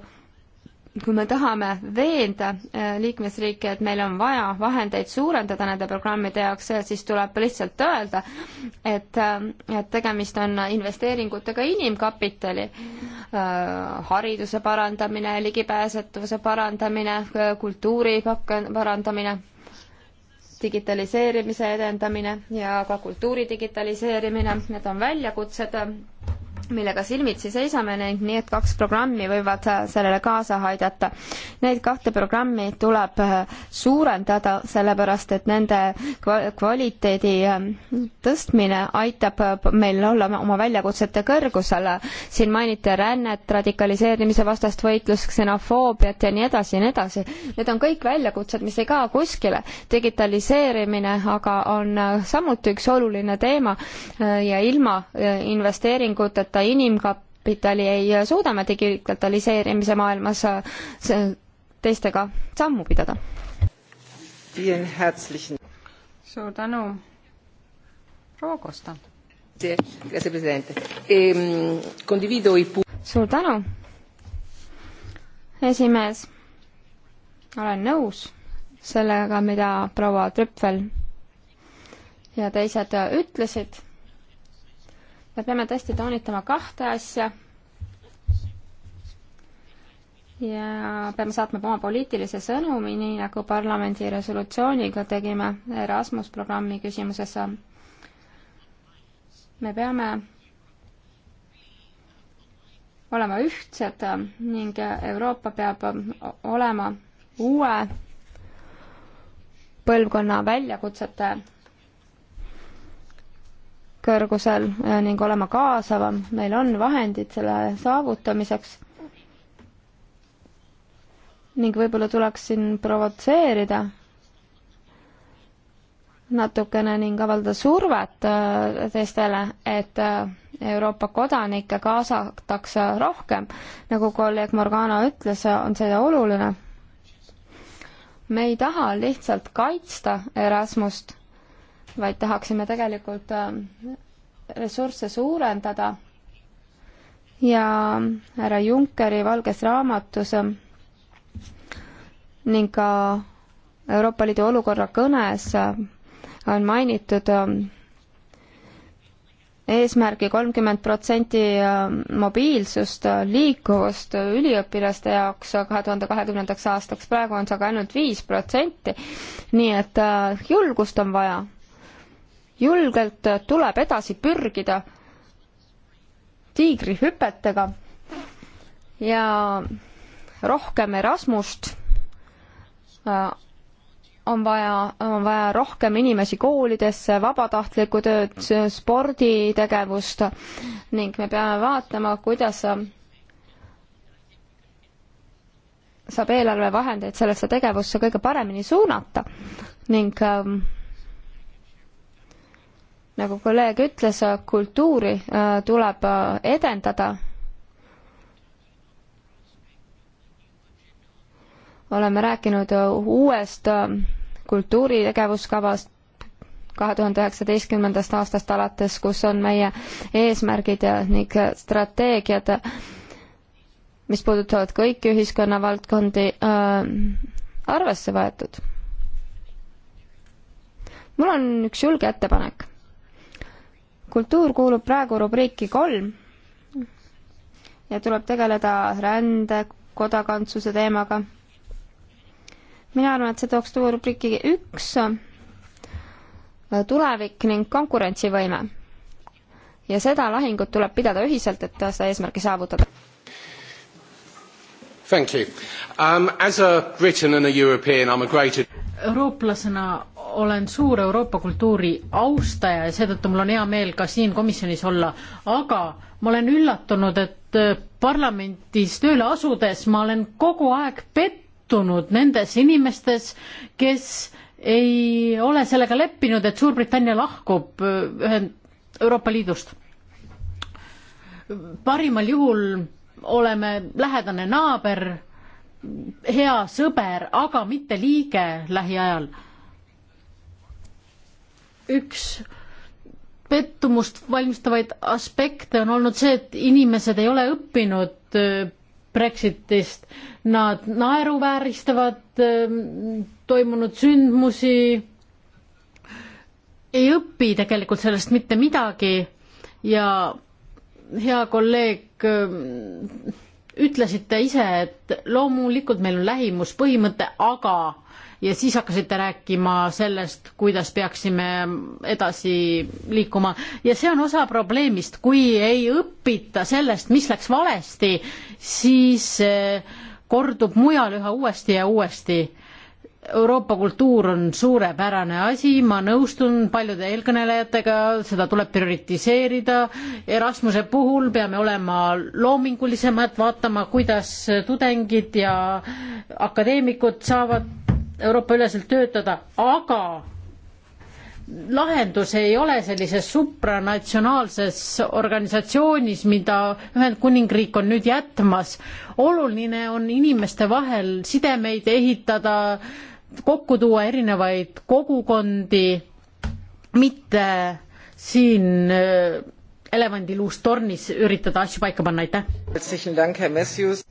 B: kui me tahame veenda äh, liikmesriike, et meil on vaja vahendeid suurendada nende programmide jaoks, siis tuleb lihtsalt öelda, et, äh, et tegemist on investeeringutega inimkapitali, äh, hariduse parandamine, ligipääsetavuse parandamine, kultuuri parandamine, digitaliseerimise edendamine ja ka kultuuri digitaliseerimine, need on väljakutsed millega silmitsi seisame ning need kaks programmi võivad äh, sellele kaasa aidata. Neid kahte programmi tuleb äh, suurendada, sellepärast et nende kvaliteedi ähm, tõstmine aitab äh, meil olla oma väljakutsete kõrgusel. siin mainiti rännet, radikaliseerimise vastast võitlust, ksenofoobiat ja nii edasi ja nii edasi. Need on kõik väljakutsed, mis ei kao kuskile. digitaliseerimine aga on samuti üks oluline teema ja ilma investeeringuteta kaasata inimkapitali, ei suuda me digitaliseerimise maailmas teistega sammu pidada.
C: suur
A: tänu, proua
B: Kosta. Ehm, suur tänu, esimees. olen nõus sellega, mida proua Trüpfel ja teised ütlesid me peame tõesti toonitama kahte asja ja peame saatma oma poliitilise sõnumi, nii nagu parlamendi resolutsiooniga tegime Erasmus programmi küsimuses. me peame olema ühtsed ning Euroopa peab olema uue põlvkonna väljakutsete kõrgusel äh, ning olema kaasavam, meil on vahendid selle saavutamiseks. ning võib-olla tuleks siin provotseerida natukene ning avaldada survet äh, teistele, et äh, Euroopa kodanikke kaasatakse rohkem. nagu kolleeg Morgana ütles, on see oluline. me ei taha lihtsalt kaitsta Erasmust vaid tahaksime tegelikult äh, ressursse suurendada ja härra Junckeri valges raamatus äh, ning ka Euroopa Liidu olukorra kõnes äh, on mainitud eesmärgi kolmkümmend protsenti mobiilsust, liikuvust üliõpilaste jaoks kahe tuhande kahekümnendaks aastaks, praegu on see aga ainult viis protsenti. nii et julgust on vaja julgelt tuleb edasi pürgida tiigrihüpetega ja rohkem Erasmust äh, on vaja, on vaja rohkem inimesi koolidesse, vabatahtlikku tööd, sporditegevust ning me peame vaatama, kuidas saab eelarvevahendeid sellesse tegevusse kõige paremini suunata ning ähm, nagu kolleeg ütles, kultuuri äh, tuleb äh, edendada. oleme rääkinud äh, uuest kultuuritegevuskavast kahe tuhande üheksateistkümnendast aastast alates, kus on meie eesmärgid ning strateegiad, mis puudutavad kõiki ühiskonnavaldkondi, arvesse võetud. mul on üks julge ettepanek kultuur kuulub praegu rubriiki kolm ja tuleb tegeleda rände, kodakondsuse teemaga. mina arvan, et see tooks tuua rubriiki üks tulevik ning konkurentsivõime. ja seda lahingut tuleb pidada ühiselt, et seda eesmärki saavutada.
A: Thank you. Um, as a Briton and a European, I am a great
C: eurooplasena olen suur Euroopa kultuuri austaja ja seetõttu mul on hea meel ka siin komisjonis olla, aga ma olen üllatunud, et äh, parlamendis tööle asudes ma olen kogu aeg pettunud nendes inimestes, kes ei ole sellega leppinud, et Suurbritannia lahkub äh, Euroopa Liidust. parimal juhul oleme lähedane naaber, hea sõber, aga mitte liige lähiajal üks pettumust valmistavaid aspekte on olnud see, et inimesed ei ole õppinud äh, Brexitist. Nad naeruvääristavad ähm, toimunud sündmusi, ei õpi tegelikult sellest mitte midagi ja hea kolleeg, ähm, ütlesite ise, et loomulikult meil on lähimuspõhimõte, aga ja siis hakkasite rääkima sellest, kuidas peaksime edasi liikuma ja see on osa probleemist, kui ei õpita sellest, mis läks valesti, siis eh, kordub mujal üha uuesti ja uuesti. Euroopa kultuur on suurepärane asi, ma nõustun paljude eelkõnelejatega, seda tuleb prioritiseerida. Erasmuse puhul peame olema loomingulisemad, vaatama, kuidas tudengid ja akadeemikud saavad Euroopa-üleselt töötada, aga lahendus ei ole sellises supranatsionaalses organisatsioonis, mida Ühendkuningriik on nüüd jätmas. oluline on inimeste vahel sidemeid ehitada, kokku tuua erinevaid kogukondi, mitte siin äh, elevandiluust tornis üritada asju paika panna, aitäh!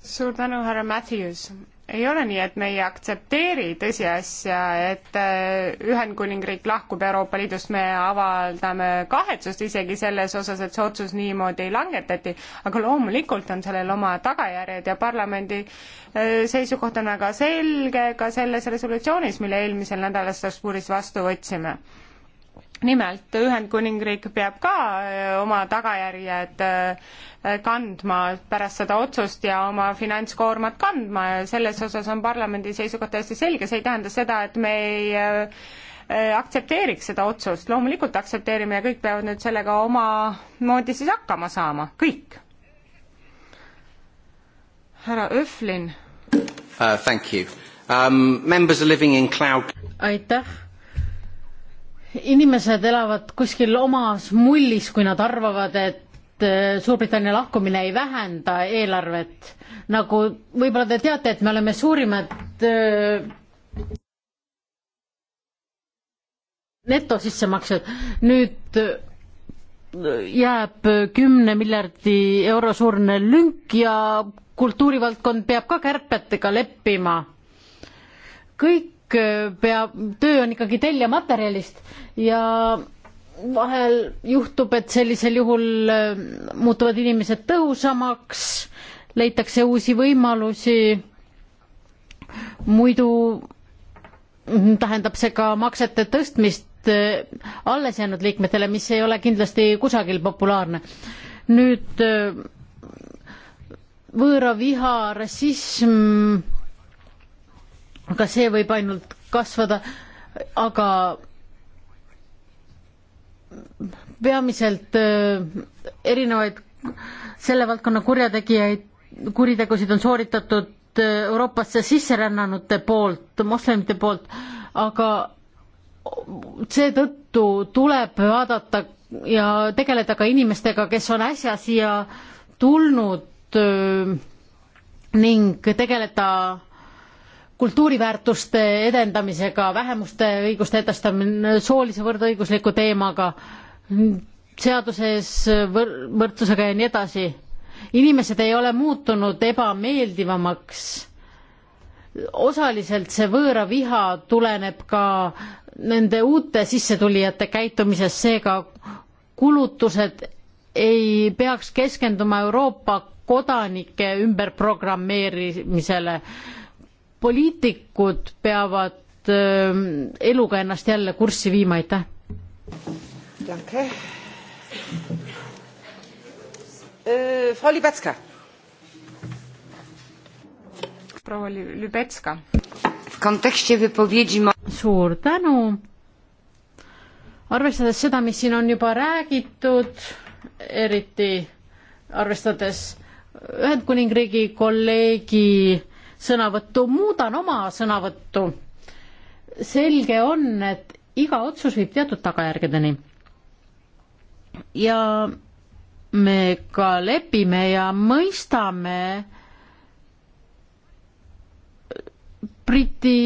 A: suur tänu, härra Matthews! ei ole nii, et me ei aktsepteeri tõsiasja, et äh, Ühendkuningriik lahkub Euroopa Liidust, me avaldame kahetsust isegi selles osas, et see otsus niimoodi langetati, aga loomulikult on sellel oma tagajärjed ja parlamendi äh, seisukoht on väga selge ka selles resolutsioonis, mille eelmisel nädalal Strasbourgis vastu võtsime nimelt Ühendkuningriik peab ka äh, oma tagajärjed äh, kandma pärast seda otsust ja oma finantskoormat kandma ja selles osas on parlamendi seisukoht täiesti selge, see ei tähenda seda, et me ei äh, aktsepteeriks seda otsust, loomulikult aktsepteerime ja kõik peavad nüüd sellega omamoodi siis hakkama saama, kõik.
C: härra Öflin
A: uh,. Thank you um,. Members are living in cloud.
C: aitäh inimesed elavad kuskil omas mullis, kui nad arvavad, et äh, Suurbritannia lahkumine ei vähenda eelarvet. nagu võib-olla te teate, et me oleme suurimad äh, netosissemaksjad. nüüd äh, jääb kümne miljardi euro suurune lünk ja kultuurivaldkond peab ka kärbetega leppima. kõik Äh, peab, töö on ikkagi teljematerjalist ja vahel juhtub, et sellisel juhul äh, muutuvad inimesed tõhusamaks, leitakse uusi võimalusi, muidu tähendab see ka maksete tõstmist äh, alles jäänud liikmetele, mis ei ole kindlasti kusagil populaarne. nüüd võõraviha, rassism ka see võib ainult kasvada, aga peamiselt äh, erinevaid selle valdkonna kurjategijaid, kuritegusid on sooritatud äh, Euroopasse sisserännanute poolt, moslemite poolt, aga seetõttu tuleb vaadata ja tegeleda ka inimestega, kes on äsja siia tulnud äh, ning tegeleda kultuuriväärtuste edendamisega, vähemuste õiguste edestamine, soolise võrdõigusliku teemaga, seaduses võr-, võrdsusega ja nii edasi. inimesed ei ole muutunud ebameeldivamaks. osaliselt see võõra viha tuleneb ka nende uute sissetulijate käitumisest, seega kulutused ei peaks keskenduma Euroopa kodanike ümberprogrammeerimisele poliitikud peavad ähm, eluga ennast jälle kurssi viima, aitäh.
A: proua äh, Lübetska.
C: suur tänu. arvestades seda, mis siin on juba räägitud, eriti arvestades Ühendkuningriigi kolleegi sõnavõttu, muudan oma sõnavõttu. selge on, et iga otsus viib teatud tagajärgedeni. ja me ka lepime ja mõistame Briti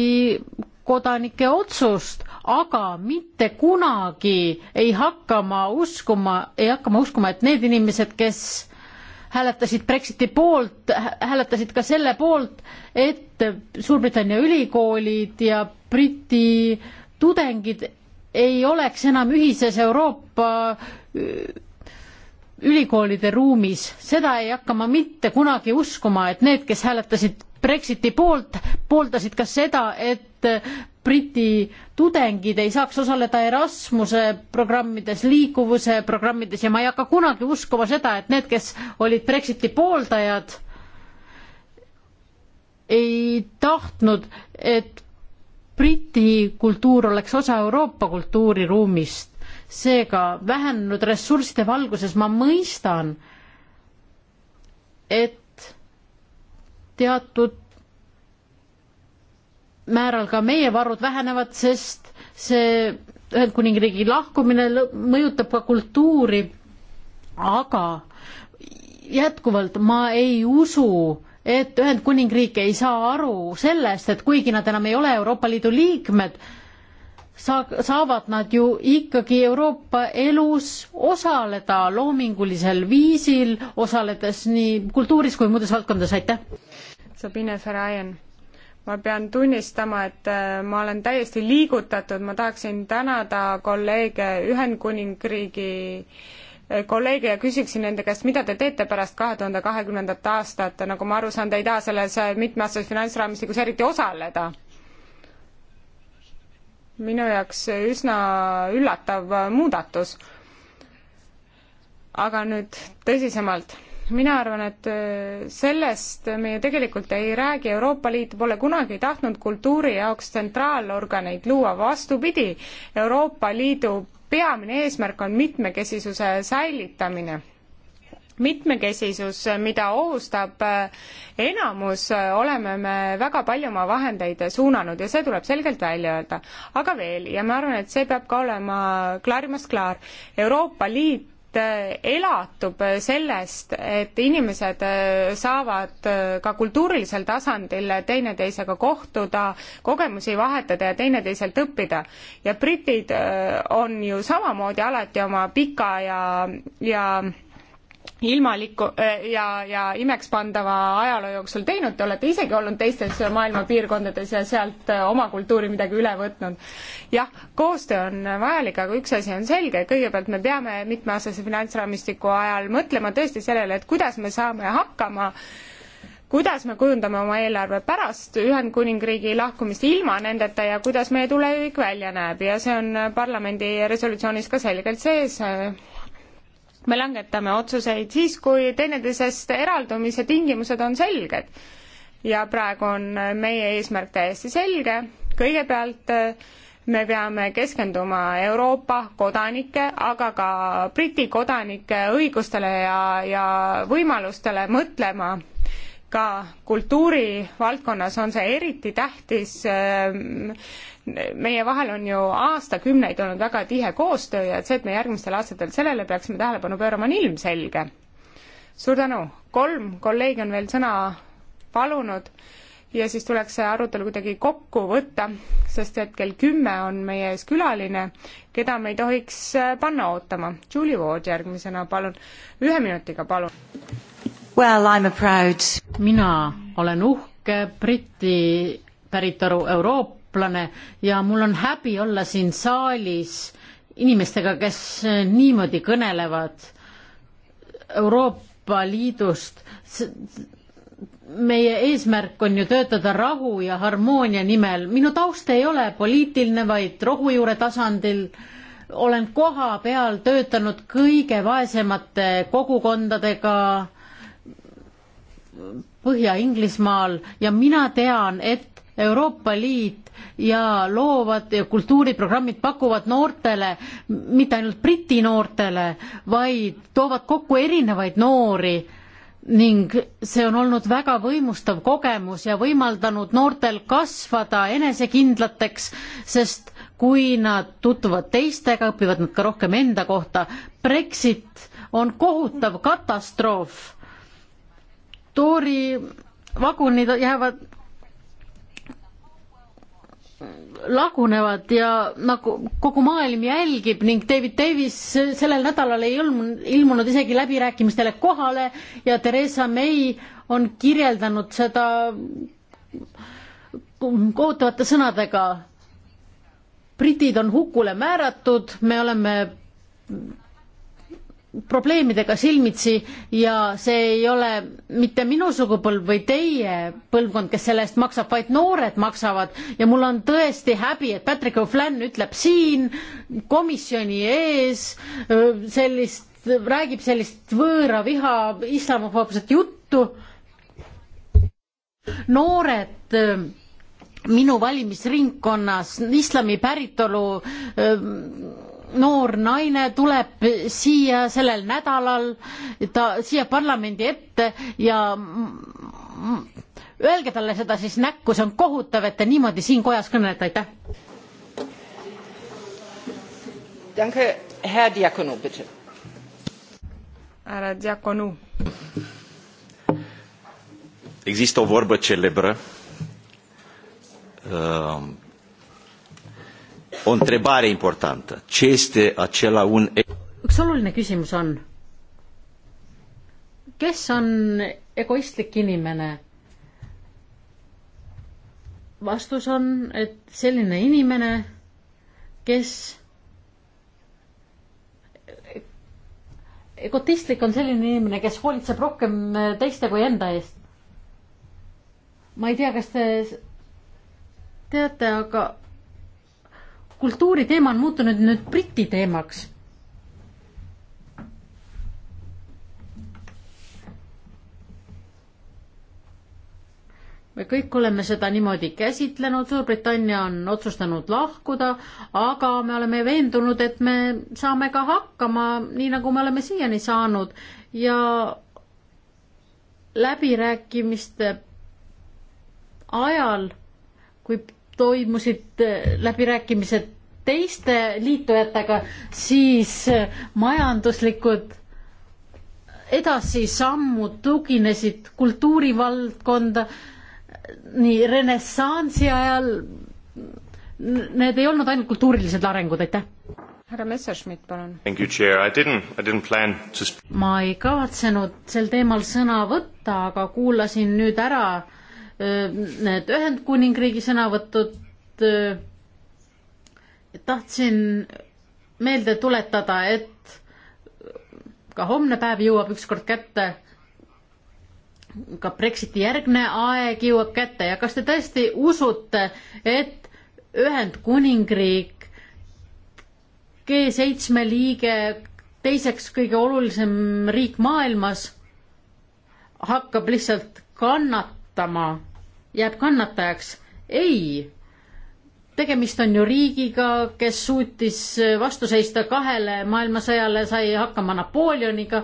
C: kodanike otsust, aga mitte kunagi ei hakka ma uskuma, ei hakka ma uskuma, et need inimesed, kes hääletasid Brexiti poolt, hääletasid ka selle poolt, et Suurbritannia ülikoolid ja Briti tudengid ei oleks enam ühises Euroopa ülikoolide ruumis. seda ei hakka ma mitte kunagi uskuma, et need, kes hääletasid Brexiti poolt, pooldasid ka seda, et Briti tudengid ei saaks osaleda Erasmuse programmides, liikuvuse programmides ja ma ei hakka kunagi uskuma seda, et need, kes olid Brexiti pooldajad, ei tahtnud, et Briti kultuur oleks osa Euroopa kultuuriruumist. seega vähenenud ressursside valguses ma mõistan, et teatud määral ka meie varud vähenevad, sest see Ühendkuningriigi lahkumine mõjutab ka kultuuri, aga jätkuvalt ma ei usu, et Ühendkuningriik ei saa aru sellest, et kuigi nad enam ei ole Euroopa Liidu liikmed, saa-, saavad nad ju ikkagi Euroopa elus osaleda loomingulisel viisil, osaledes nii kultuuris kui muudes valdkondades, aitäh!
A: Sabine Ferajan ma pean tunnistama, et äh, ma olen täiesti liigutatud, ma tahaksin tänada kolleege Ühendkuningriigi äh, kolleege ja küsiksin nende käest, mida te teete pärast kahe tuhande kahekümnendat aastat, nagu ma aru saan, te ei taha selles äh, mitmeaastases finantsraamistikus eriti osaleda. minu jaoks üsna üllatav muudatus. aga nüüd tõsisemalt mina arvan, et äh, sellest me ju tegelikult ei räägi, Euroopa Liit pole kunagi tahtnud kultuuri jaoks tsentraalorganeid luua, vastupidi, Euroopa Liidu peamine eesmärk on mitmekesisuse säilitamine. mitmekesisus, mida ohustab äh, enamus, äh, oleme me väga palju oma vahendeid suunanud ja see tuleb selgelt välja öelda. aga veel, ja ma arvan, et see peab ka olema klaarimast klaar, Euroopa Liit Äh, elatub äh, sellest, et inimesed äh, saavad ka kultuurilisel tasandil teineteisega kohtuda, kogemusi vahetada ja teineteiselt õppida. ja britid on ju samamoodi alati oma pika ja, ja ilmaliku äh, ja, ja imekspandava ajaloo jooksul teinud, te olete isegi olnud teistes maailma piirkondades ja sealt äh, oma kultuuri midagi üle võtnud. jah, koostöö on vajalik, aga üks asi on selge, kõigepealt me peame mitmeaastase finantsraamistiku ajal mõtlema tõesti sellele, et kuidas me saame hakkama kuidas me kujundame oma eelarve pärast Ühendkuningriigi lahkumist ilma nendeta ja kuidas meie tulevik välja näeb ja see on parlamendi resolutsioonis ka selgelt sees me langetame otsuseid siis, kui teineteisest eraldumise tingimused on selged. ja praegu on meie eesmärk täiesti selge, kõigepealt äh, me peame keskenduma Euroopa kodanike, aga ka Briti kodanike õigustele ja, ja võimalustele mõtlema ka kultuurivaldkonnas on see eriti tähtis äh, meie vahel on ju aastakümneid olnud väga tihe koostöö ja et see, et me järgmistel aastatel sellele peaksime tähelepanu pöörama, on ilmselge. suur tänu, kolm kolleegi on veel sõna palunud ja siis tuleks see arutelu kuidagi kokku võtta, sest et kell kümme on meie ees külaline, keda me ei tohiks äh, panna ootama. Julie Ward järgmisena, palun, ühe minutiga, palun.
C: Well, I am proud. mina olen uhke Briti päritolu Euroopa eurooplane ja mul on häbi olla siin saalis inimestega, kes niimoodi kõnelevad Euroopa Liidust. meie eesmärk on ju töötada rahu ja harmoonia nimel. minu taust ei ole poliitiline, vaid rohujuure tasandil olen koha peal töötanud kõige vaesemate kogukondadega Põhja-Inglismaal ja mina tean, et Euroopa Liit ja loovad ja kultuuriprogrammid pakuvad noortele, mitte ainult briti noortele, vaid toovad kokku erinevaid noori ning see on olnud väga võimustav kogemus ja võimaldanud noortel kasvada enesekindlateks, sest kui nad tutvuvad teistega, õpivad nad ka rohkem enda kohta. Brexit on kohutav katastroof. Tori vagunid jäävad lagunevad ja nagu kogu maailm jälgib ning David Davis sellel nädalal ei ilmunud, ilmunud isegi läbirääkimistele kohale ja Theresa May on kirjeldanud seda kohutavate sõnadega. britid on hukule määratud, me oleme probleemidega silmitsi ja see ei ole mitte minu sugupõlv või teie põlvkond, kes selle eest maksab, vaid noored maksavad ja mul on tõesti häbi, et Patrick O'Flynn ütleb siin komisjoni ees sellist, räägib sellist võõra viha islamofoobset juttu. noored äh, minu valimisringkonnas islami päritolu öö, äh, noor naine tuleb siia sellel nädalal, ta siia parlamendi ette ja öelge talle seda siis näkku, see on kohutav, et te niimoodi siin kojas kõnelete, aitäh. Danke, Herr Diakonu, bitte.
A: Härra Diakonu.
C: Există o vorbă celebră uh,
B: O întrebare importantă. Ce este acela un... E-
C: Üks oluline küsimus on, kes on egoistlik inimene? vastus on, et selline inimene, kes egotistlik on selline inimene, kes hoolitseb rohkem teiste kui enda eest. ma ei tea, kas te teate, aga kultuuriteema on muutunud nüüd Briti teemaks. me kõik oleme seda niimoodi käsitlenud, Suurbritannia on otsustanud lahkuda, aga me oleme veendunud, et me saame ka hakkama, nii nagu me oleme siiani saanud ja läbirääkimiste ajal, kui toimusid eh, läbirääkimised teiste liitujatega, siis eh, majanduslikud edasisammud tuginesid kultuurivaldkonda nii renessansi ajal. Need ei olnud ainult kultuurilised arengud, aitäh. härra Messerschmidt, palun. To... ma ei kavatsenud sel teemal sõna võtta, aga kuulasin nüüd ära need Ühendkuningriigi sõnavõtud. Äh, tahtsin meelde tuletada, et ka homne päev jõuab ükskord kätte. ka Brexiti järgne aeg jõuab kätte ja kas te tõesti usute, et Ühendkuningriik, G7 liige, teiseks kõige olulisem riik maailmas, hakkab lihtsalt kannatama jääb kannatajaks? ei, tegemist on ju riigiga, kes suutis vastu seista kahele maailmasõjale, sai hakkama Napoleoniga.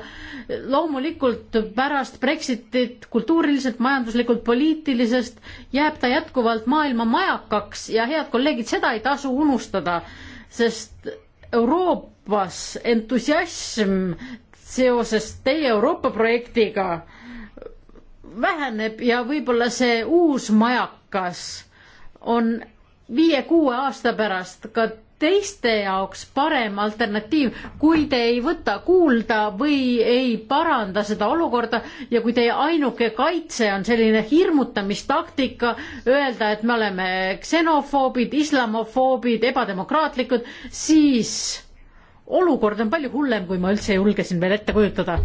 C: loomulikult pärast Brexitit kultuuriliselt, majanduslikult, poliitilisest jääb ta jätkuvalt maailma majakaks ja head kolleegid, seda ei tasu unustada, sest Euroopas entusiasm seoses teie Euroopa projektiga väheneb ja võib-olla see uus majakas on viie-kuue aasta pärast ka teiste jaoks parem alternatiiv, kui te ei võta kuulda või ei paranda seda olukorda ja kui teie ainuke kaitse on selline hirmutamistaktika, öelda, et me oleme ksenofoobid, islamofoobid, ebademokraatlikud, siis olukord on palju hullem, kui ma üldse julgesin veel ette kujutada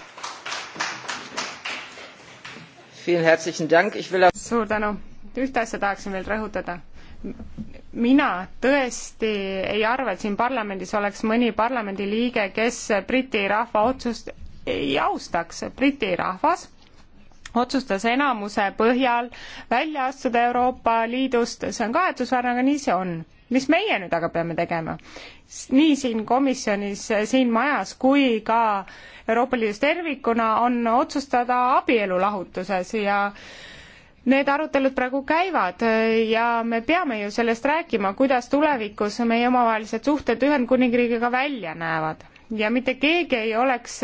A: suur tänu. ühte asja tahaksin veel rõhutada mina tõesti ei arva, et siin parlamendis oleks mõni parlamendiliige, kes Briti rahva otsust ei austaks. Briti rahvas otsustas enamuse põhjal välja astuda Euroopa Liidust, see on kahetsusväärne, aga nii see on mis meie nüüd aga peame tegema? nii siin komisjonis, siin majas kui ka Euroopa Liidus tervikuna on otsustada abielu lahutuses ja Need arutelud praegu käivad ja me peame ju sellest rääkima, kuidas tulevikus meie omavahelised suhted Ühendkuningriigiga välja näevad ja mitte keegi ei oleks,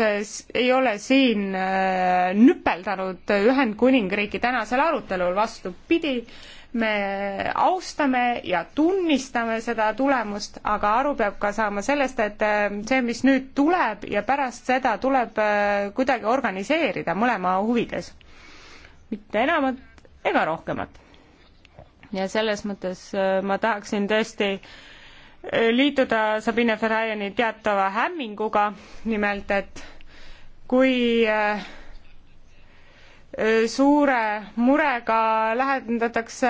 A: ei ole siin äh, nüpeldanud Ühendkuningriiki tänasel arutelul, vastupidi, me austame ja tunnistame seda tulemust, aga aru peab ka saama sellest, et äh, see, mis nüüd tuleb ja pärast seda tuleb äh, kuidagi organiseerida mõlema huvides. mitte enamat ega rohkemat. ja selles mõttes äh, ma tahaksin tõesti liituda Sabine Ferraiani teatava hämminguga, nimelt et kui äh, suure murega lähendatakse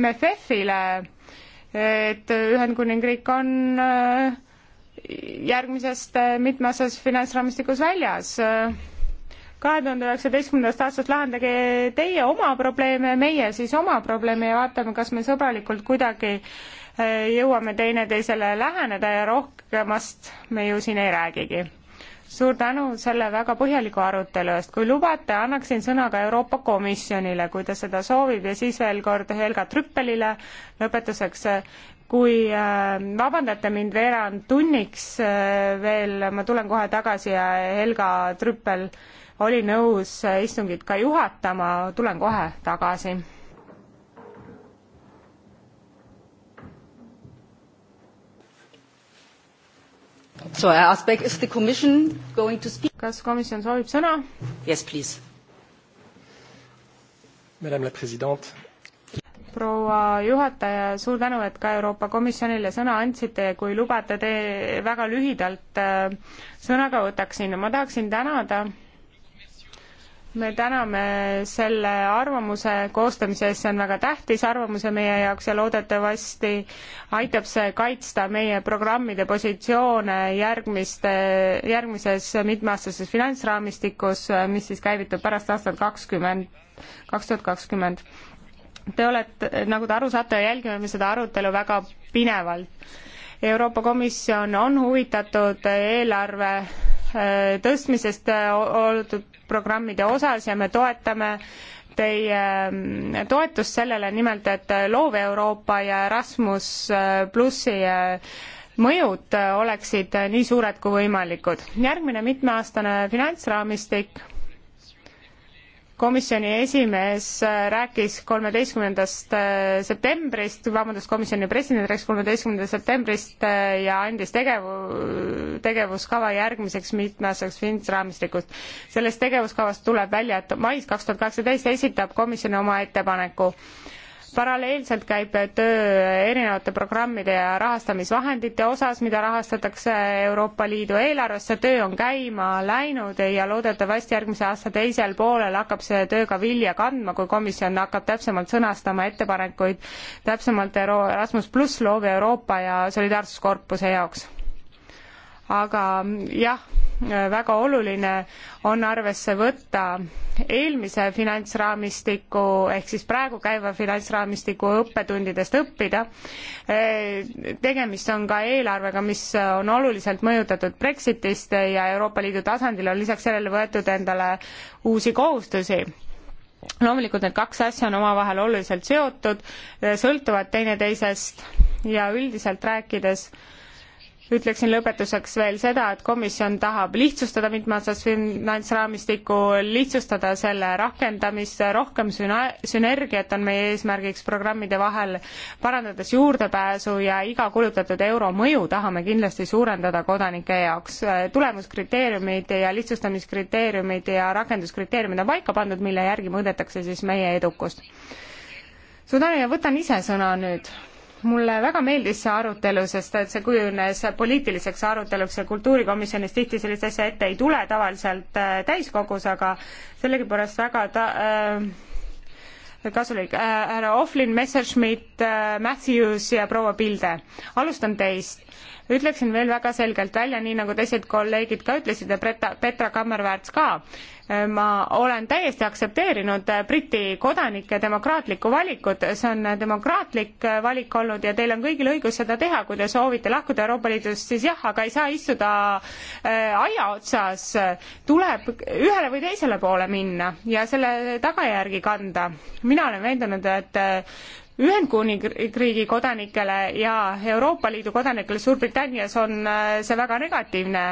A: MFF-ile, et Ühendkuningriik on äh, järgmisest äh, mitmeaastasest finantsraamistikus väljas. kahe tuhande üheksateistkümnendast aastast lahendage teie oma probleeme, meie siis oma probleeme ja vaatame, kas me sõbralikult kuidagi äh, jõuame teineteisele läheneda ja rohkemast me ju siin ei räägigi suur tänu selle väga põhjaliku arutelu eest. kui lubate, annaksin sõna ka Euroopa Komisjonile, kui ta seda soovib ja siis veel kord Helga Trüppelile lõpetuseks. kui äh, vabandate mind veerand tunniks äh, veel, ma tulen kohe tagasi ja Helga Trüppel oli nõus istungit ka juhatama, tulen kohe tagasi So I ask back, is the commission going to speak? kas komisjon soovib sõna? Yes, please. Madame la president. proua juhataja, suur tänu, et ka Euroopa Komisjonile sõna andsite ja kui lubate, te väga lühidalt äh, sõnaga võtaksin. ma tahaksin tänada me täname selle arvamuse koostamise eest, see on väga tähtis arvamuse meie jaoks ja loodetavasti aitab see kaitsta meie programmide positsioone järgmiste, järgmises mitmeaastases finantsraamistikus, mis siis käivitub pärast aastat kakskümmend, kaks tuhat kakskümmend. Te olete, nagu te aru saate, jälgime me seda arutelu väga pinevalt. Euroopa Komisjon on huvitatud eelarve Eh, tõstmisest eh, oldud programmide osas ja me toetame teie mm, toetust sellele nimelt, et eh, loov Euroopa ja Erasmus plussi mõjud oleksid nii suured kui võimalikud. järgmine mitmeaastane finantsraamistik komisjoni esimees äh, rääkis kolmeteistkümnendast äh, septembrist, vabandust, komisjoni president rääkis kolmeteistkümnendast septembrist äh, ja andis tegevu-, tegevuskava järgmiseks mitmeaastaseks finantsraamistikust. sellest tegevuskavast tuleb välja, et mais kaks tuhat kaheksateist esitab komisjon oma ettepaneku äh, paralleelselt käib töö erinevate programmide ja rahastamisvahendite osas, mida rahastatakse Euroopa Liidu eelarvest, see töö on käima läinud ja loodetavasti järgmise aasta teisel poolel hakkab see töö ka vilja kandma, kui komisjon hakkab täpsemalt sõnastama ettepanekuid täpsemalt Euro-, Erasmus pluss loov Euroopa ja solidaarsuskorpuse jaoks. aga jah väga oluline on arvesse võtta eelmise finantsraamistiku ehk siis praegu käiva finantsraamistiku õppetundidest õppida. tegemist on ka eelarvega, mis on oluliselt mõjutatud Brexitist ja Euroopa Liidu tasandil on lisaks sellele võetud endale uusi kohustusi loomulikult need kaks asja on omavahel oluliselt seotud, sõltuvad teineteisest ja üldiselt rääkides äh, ütleksin lõpetuseks veel seda, et komisjon tahab lihtsustada mitmeaastast finantsraamistikku, lihtsustada selle rakendamist, rohkem süna-, sünergiat on meie eesmärgiks programmide vahel, parandades juurdepääsu ja iga kulutatud euro mõju tahame kindlasti suurendada kodanike jaoks. tulemuskriteeriumid ja lihtsustamiskriteeriumid ja rakenduskriteeriumid on paika pandud, mille järgi mõõdetakse siis meie edukust. suur tänu ja võtan ise sõna nüüd mulle väga meeldis see arutelu, sest et see kujunes poliitiliseks aruteluks ja kultuurikomisjonis tihti sellist asja ette ei tule tavaliselt äh, täiskogus, aga sellegipärast väga ta- äh,, kasulik äh,. härra Oflin, Messerschmidt äh,, Matthews ja proua Pilde, alustan teist ütleksin veel väga selgelt välja, nii nagu teised kolleegid ka ütlesid ja Petra, Petra Kammerväärts ka, ma olen täiesti aktsepteerinud äh, Briti kodanike demokraatlikku valikut, see on äh, demokraatlik äh, valik olnud ja teil on kõigil õigus seda teha, kui te soovite lahkuda Euroopa Liidust, siis jah, aga ei saa istuda aia otsas, tuleb ühele või teisele poole minna ja selle tagajärgi kanda. mina olen veendunud, et Ühendkuningriigi kodanikele ja Euroopa Liidu kodanikele Suurbritannias on äh, see väga negatiivne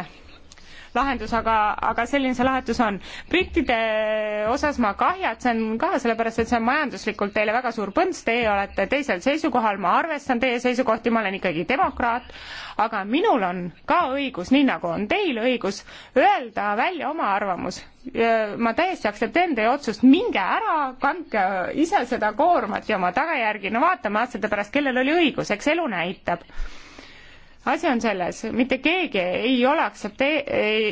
A: lahendus, aga, aga selline see lahendus on. brittide osas ma kahjatsen ka, sellepärast et see on majanduslikult teile väga suur põnts, teie olete teisel seisukohal, ma arvestan teie seisukohti, ma olen ikkagi demokraat, aga minul on ka õigus, nii nagu on teil õigus, öelda välja oma arvamus. ma täiesti aktsepteerin teie otsust, minge ära, kandke ise seda koormat ja oma tagajärgi, no vaatame aastate pärast, kellel oli õigus, eks elu näitab asi on selles, mitte keegi ei ole aktseptee-,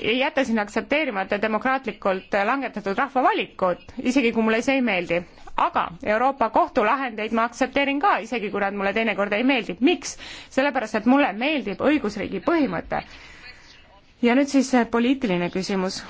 A: ei jäta sinna aktsepteerimata demokraatlikult langetatud rahva valikut, isegi kui mulle see ei meeldi. aga Euroopa Kohtu lahendeid ma aktsepteerin ka, isegi kui nad mulle teinekord ei meeldi. miks? sellepärast, et mulle meeldib õigusriigi põhimõte. ja nüüd siis poliitiline küsimus.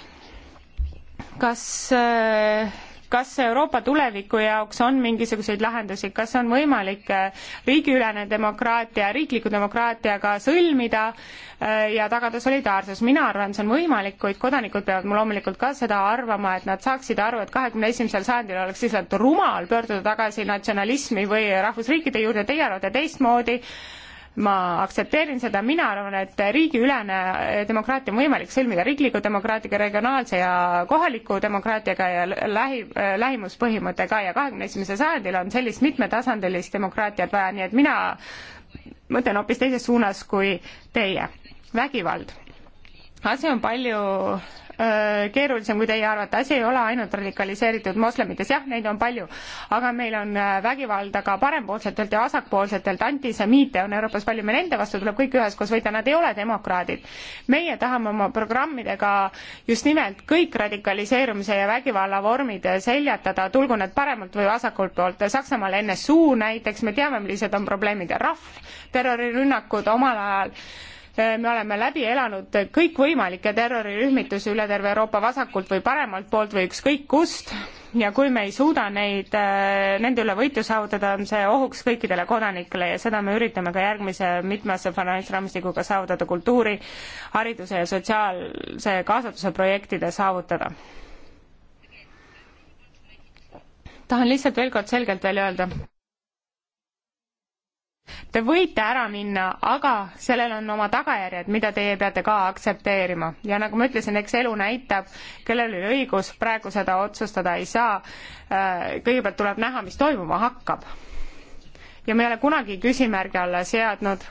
A: kas äh, kas Euroopa tuleviku jaoks on mingisuguseid lahendusi, kas on võimalik äh, riigiülene demokraatia, riikliku demokraatiaga sõlmida äh, ja tagada solidaarsus? mina arvan, see on võimalik, kuid kodanikud peavad loomulikult ka seda arvama, et nad saaksid aru, et kahekümne esimesel sajandil oleks lihtsalt rumal pöörduda tagasi natsionalismi või rahvusriikide juurde, teie arvate teistmoodi ma aktsepteerin seda, mina arvan, et riigiülene demokraatia on võimalik sõlmida riikliku demokraatiaga, regionaalse ja kohaliku demokraatiaga ja lähi, lähimuspõhimõttega ja kahekümne esimesel sajandil on sellist mitmetasandilist demokraatiat vaja, nii et mina mõtlen hoopis teises suunas kui teie. vägivald asi on palju Äh, keerulisem, kui teie arvate, asi ei ole ainult radikaliseeritud moslemites, jah, neid on palju, aga meil on äh, vägivalda ka parempoolsetelt ja vasakpoolsetelt, antisemiite on Euroopas palju, me nende vastu tuleb kõik üheskoos võita, nad ei ole demokraadid. meie tahame oma programmidega just nimelt kõik radikaliseerumise ja vägivalla vormid seljatada, tulgu nad paremalt või vasakult poolt, Saksamaal NSU näiteks, me teame, millised on probleemid, rahv, terrorirünnakud omal ajal Äh, me oleme läbi elanud kõikvõimalikke terrorirühmitusi üle terve Euroopa vasakult või paremalt poolt või ükskõik kust ja kui me ei suuda neid, äh, nende üle võitu saavutada, on see ohuks kõikidele kodanikele ja seda me üritame ka järgmise mitmeaastase finantsraamistikuga saavutada kultuuri, hariduse ja sotsiaalse kaasatuse projektide saavutada tahan lihtsalt veel kord selgelt veel öelda, Te võite ära minna, aga sellel on oma tagajärjed, mida teie peate ka aktsepteerima. ja nagu ma ütlesin, eks elu näitab, kellel oli õigus, praegu seda otsustada ei saa. Äh, kõigepealt tuleb näha, mis toimuma hakkab. ja me ei ole kunagi küsimärgi alla seadnud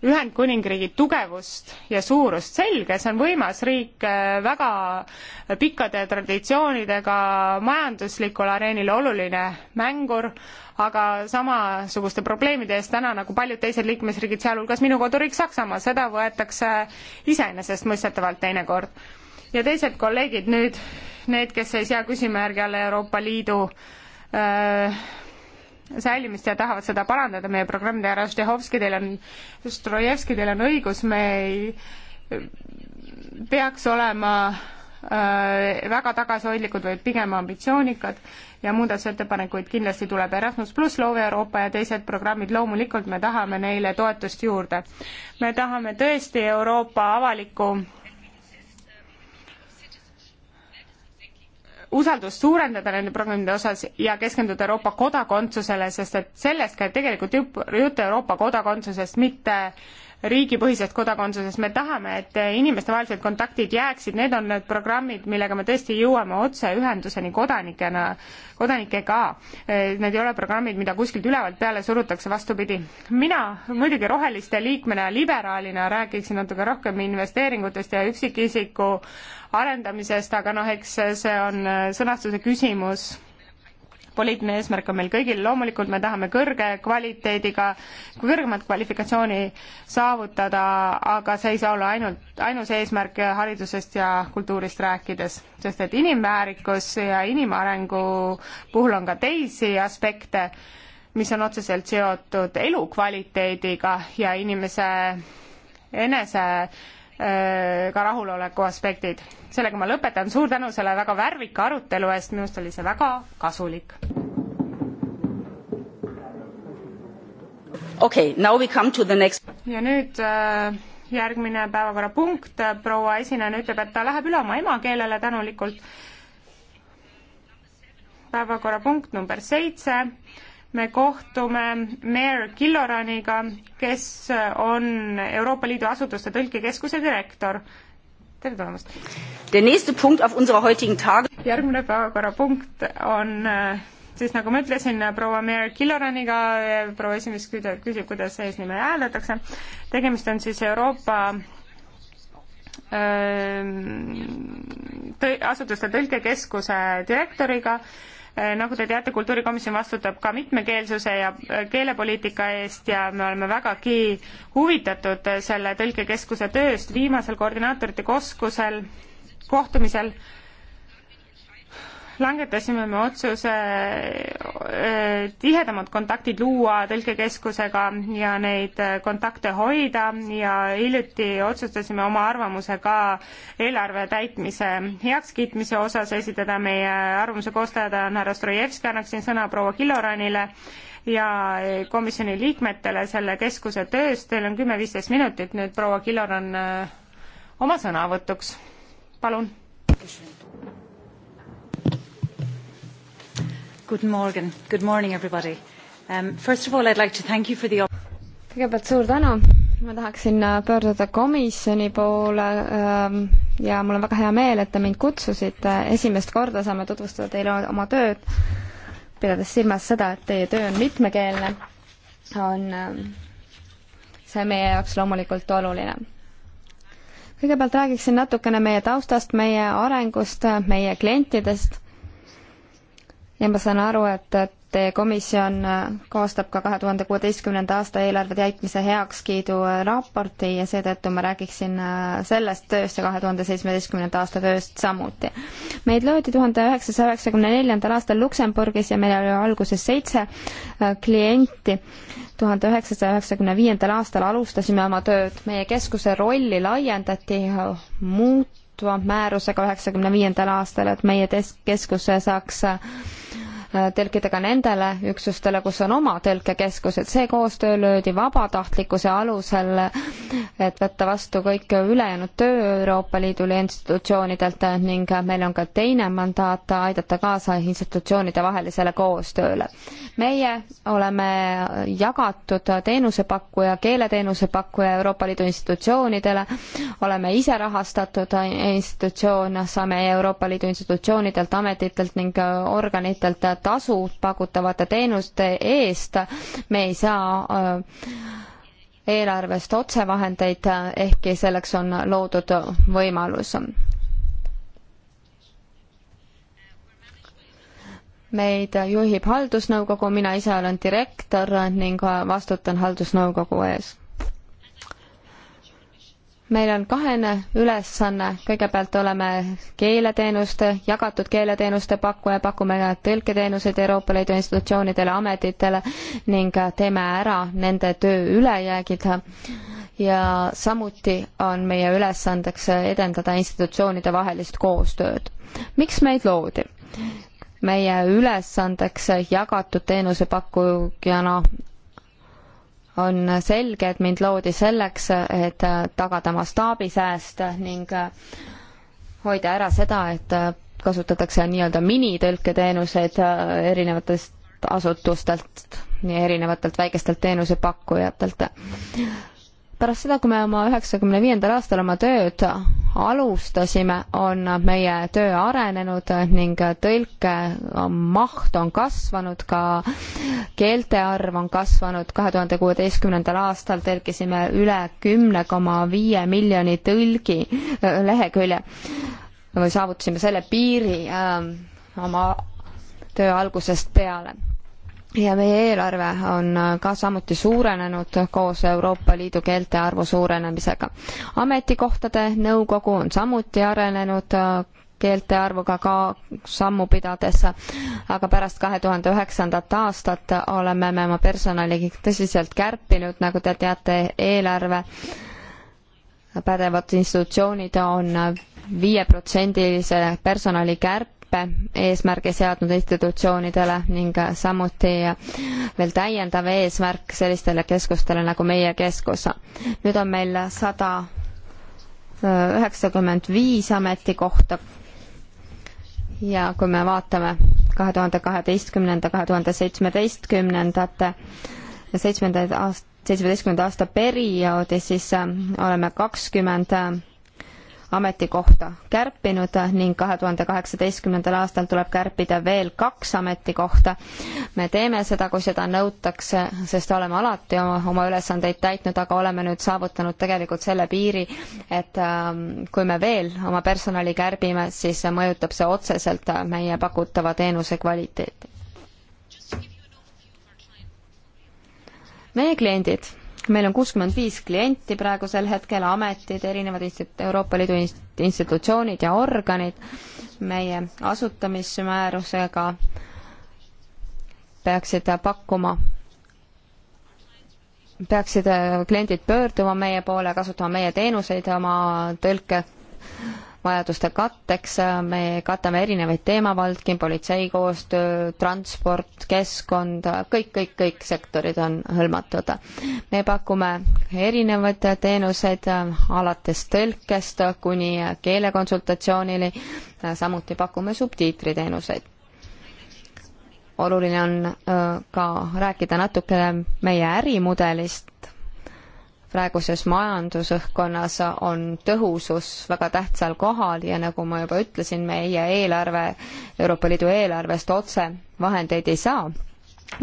A: Ühendkuningriigi tugevust ja suurust selge, see on võimas riik äh, väga pikkade traditsioonidega, majanduslikul areenil oluline mängur, aga samasuguste probleemide eest täna nagu paljud teised liikmesriigid, sealhulgas minu koduriik Saksamaa, seda võetakse iseenesestmõistetavalt teinekord. ja teised kolleegid nüüd, need, kes ei sea küsimärgi alla Euroopa Liidu öö, äh, säilimist ja tahavad seda parandada, meie programmide härra Štehovski, teil on, Strojevski, teil on õigus, me ei peaks olema äh, väga tagasihoidlikud, vaid pigem ambitsioonikad ja muudatusettepanekuid kindlasti tuleb Erasmus pluss, Loove Euroopa ja teised programmid, loomulikult me tahame neile toetust juurde. me tahame tõesti Euroopa avalikku usaldust suurendada nende programmide osas ja keskenduda Euroopa kodakondsusele, sest et sellest käib tegelikult juttu Euroopa kodakondsusest, mitte äh, riigipõhisest kodakondsusest, me tahame, et inimestevahelised kontaktid jääksid, need on need programmid, millega me tõesti jõuame otseühenduseni kodanikena, kodanikega. Need ei ole programmid, mida kuskilt ülevalt peale surutakse, vastupidi. mina muidugi roheliste liikmena ja liberaalina räägiksin natuke rohkem investeeringutest ja üksikisiku arendamisest, aga noh, eks see on sõnastuse küsimus poliitiline eesmärk on meil kõigil, loomulikult me tahame kõrge kvaliteediga, kõrgemat kvalifikatsiooni saavutada, aga see ei saa olla ainult, ainus eesmärk haridusest ja kultuurist rääkides, sest et inimväärikus ja inimarengu puhul on ka teisi aspekte, mis on otseselt seotud elukvaliteediga ja inimese enese Äh, ka rahuloleku aspektid. sellega ma lõpetan, suur tänu selle väga värvika arutelu eest, minu arust oli see väga kasulik. okei okay,, now we come to the next. ja nüüd äh, järgmine päevakorrapunkt, proua esineja ütleb, et ta läheb üle oma emakeelele tänulikult. päevakorrapunkt number seitse me kohtume Mayor Killoraniga, kes on Euroopa Liidu asutuste tõlkekeskuse direktor. tere tulemast! järgmine päevakorrapunkt on äh, siis nagu ma ütlesin, proua Mayor Killoraniga, proua esimees küsib, kuidas eesnime hääldatakse. tegemist on siis Euroopa öö, ähm, tõ, asutuste tõlkekeskuse direktoriga Äh, nagu te teate, kultuurikomisjon vastutab ka mitmekeelsuse ja äh, keelepoliitika eest ja me oleme vägagi huvitatud äh, selle tõlkekeskuse tööst. viimasel koordinaatorite koskusel, kohtumisel langetasime me otsuse tihedamad kontaktid luua tõlkekeskusega ja neid kontakte hoida ja hiljuti otsustasime oma arvamuse ka eelarve täitmise heakskiitmise osas esitada. meie arvamuse koostajad on härra Strojevski, annaksin sõna proua Killoranile ja komisjoni liikmetele selle keskuse tööst. Teil on kümme-viisteist minutit nüüd proua Killoran oma sõnavõtuks.
C: palun. Good morning, good morning everybody um,. First of all I would like to thank you for the
B: kõigepealt suur tänu, ma tahaksin äh, pöörduda komisjoni poole ähm, ja mul on väga hea meel, et te mind kutsusite, esimest korda saame tutvustada teile oma tööd, pidades silmas seda, et teie töö on mitmekeelne, on ähm, see meie jaoks loomulikult oluline. kõigepealt räägiksin natukene meie taustast, meie arengust, äh, meie klientidest ja ma saan aru, et, et teie komisjon äh, koostab ka kahe tuhande kuueteistkümnenda aasta eelarve täitmise heakskiidu äh, raporti ja seetõttu ma räägiksin äh, sellest tööst ja kahe tuhande seitsmeteistkümnenda aasta tööst samuti. meid loodi tuhande üheksasaja üheksakümne neljandal aastal Luksemburgis ja meil oli alguses seitse klienti. tuhande üheksasaja üheksakümne viiendal aastal alustasime oma tööd, meie keskuse rolli laiendati, muutva määrusega üheksakümne viiendal aastal, et meie tes-, keskus saaks Äh, tõlkida ka nendele üksustele, kus on oma tõlkekeskused. see koostöö löödi vabatahtlikkuse alusel, et võtta vastu kõik ülejäänud töö Euroopa Liidu institutsioonidelt ning meil on ka teine mandaat aidata kaasa institutsioonide vahelisele koostööle. meie oleme jagatud teenusepakkuja, keeleteenusepakkuja Euroopa Liidu institutsioonidele, oleme ise rahastatud institutsioon, saame Euroopa Liidu institutsioonidelt, ametitelt ning organitelt tasu pakutavate teenuste eest, me ei saa äh, eelarvest otsevahendeid, äh, ehkki selleks on loodud võimalus. meid juhib haldusnõukogu, mina ise olen direktor ning äh, vastutan haldusnõukogu ees meil on kahene ülesanne, kõigepealt oleme keeleteenuste, jagatud keeleteenuste pakkuja, pakume tõlketeenuseid Euroopa Liidu institutsioonidele, ametitele ning teeme ära nende töö ülejäägid. ja samuti on meie ülesandeks edendada institutsioonide vahelist koostööd. miks meid loodi? meie ülesandeks jagatud teenusepakkujana on selge, et mind loodi selleks, et tagada mastaabisääst ning hoida ära seda, et kasutatakse nii-öelda minitõlketeenuseid erinevatest asutustelt, nii erinevatelt väikestelt teenusepakkujatelt pärast seda, kui me oma üheksakümne viiendal aastal oma tööd alustasime, on meie töö arenenud ning tõlke maht on kasvanud, ka keelte arv on kasvanud. kahe tuhande kuueteistkümnendal aastal tõlkisime üle kümne koma viie miljoni tõlgi äh, lehekülje või saavutasime selle piiri öö, ähm, oma töö algusest peale ja meie eelarve on äh, ka samuti suurenenud koos Euroopa Liidu keelte arvu suurenemisega. ametikohtade nõukogu on samuti arenenud äh, keelte arvuga ka sammu pidades, aga pärast kahe tuhande üheksandat aastat oleme me oma personali tõsiselt kärpinud, nagu te teate, eelarve pädevad institutsioonid on viieprotsendilise personali kärp-, kärpe eesmärgi seadnud institutsioonidele ning samuti veel täiendav eesmärk sellistele keskustele nagu meie keskus. nüüd on meil sada üheksakümmend viis ametikohta ja kui me vaatame kahe tuhande kaheteistkümnenda, kahe tuhande seitsmeteistkümnendate ja seitsmendaid aast-, seitsmeteistkümnenda aasta perioodi, siis oleme kakskümmend 20 ametikohta kärpinud ning kahe tuhande kaheksateistkümnendal aastal tuleb kärpida veel kaks ametikohta. me teeme seda, kui seda nõutakse, sest oleme alati oma, oma ülesandeid täitnud, aga oleme nüüd saavutanud tegelikult selle piiri, et ähm, kui me veel oma personali kärbime, siis mõjutab see otseselt meie pakutava teenuse kvaliteeti. meie kliendid meil on kuuskümmend viis klienti praegusel hetkel, ametid, erinevad instit-, Euroopa Liidu institutsioonid ja organid. meie asutamismäärusega peaksid pakkuma, peaksid kliendid pöörduma meie poole, kasutama meie teenuseid oma tõlke vajaduste katteks, me katame erinevaid teemavaldki, politsei koostöö, transport, keskkond, kõik, kõik, kõik sektorid on hõlmatud. me pakume erinevaid teenuseid alates tõlkest kuni keelekonsultatsioonini, samuti pakume subtiitriteenuseid oluline on äh, ka rääkida natukene meie ärimudelist praeguses majandusõhkkonnas on tõhusus väga tähtsal kohal ja nagu ma juba ütlesin, meie eelarve, Euroopa Liidu eelarvest otse vahendeid ei saa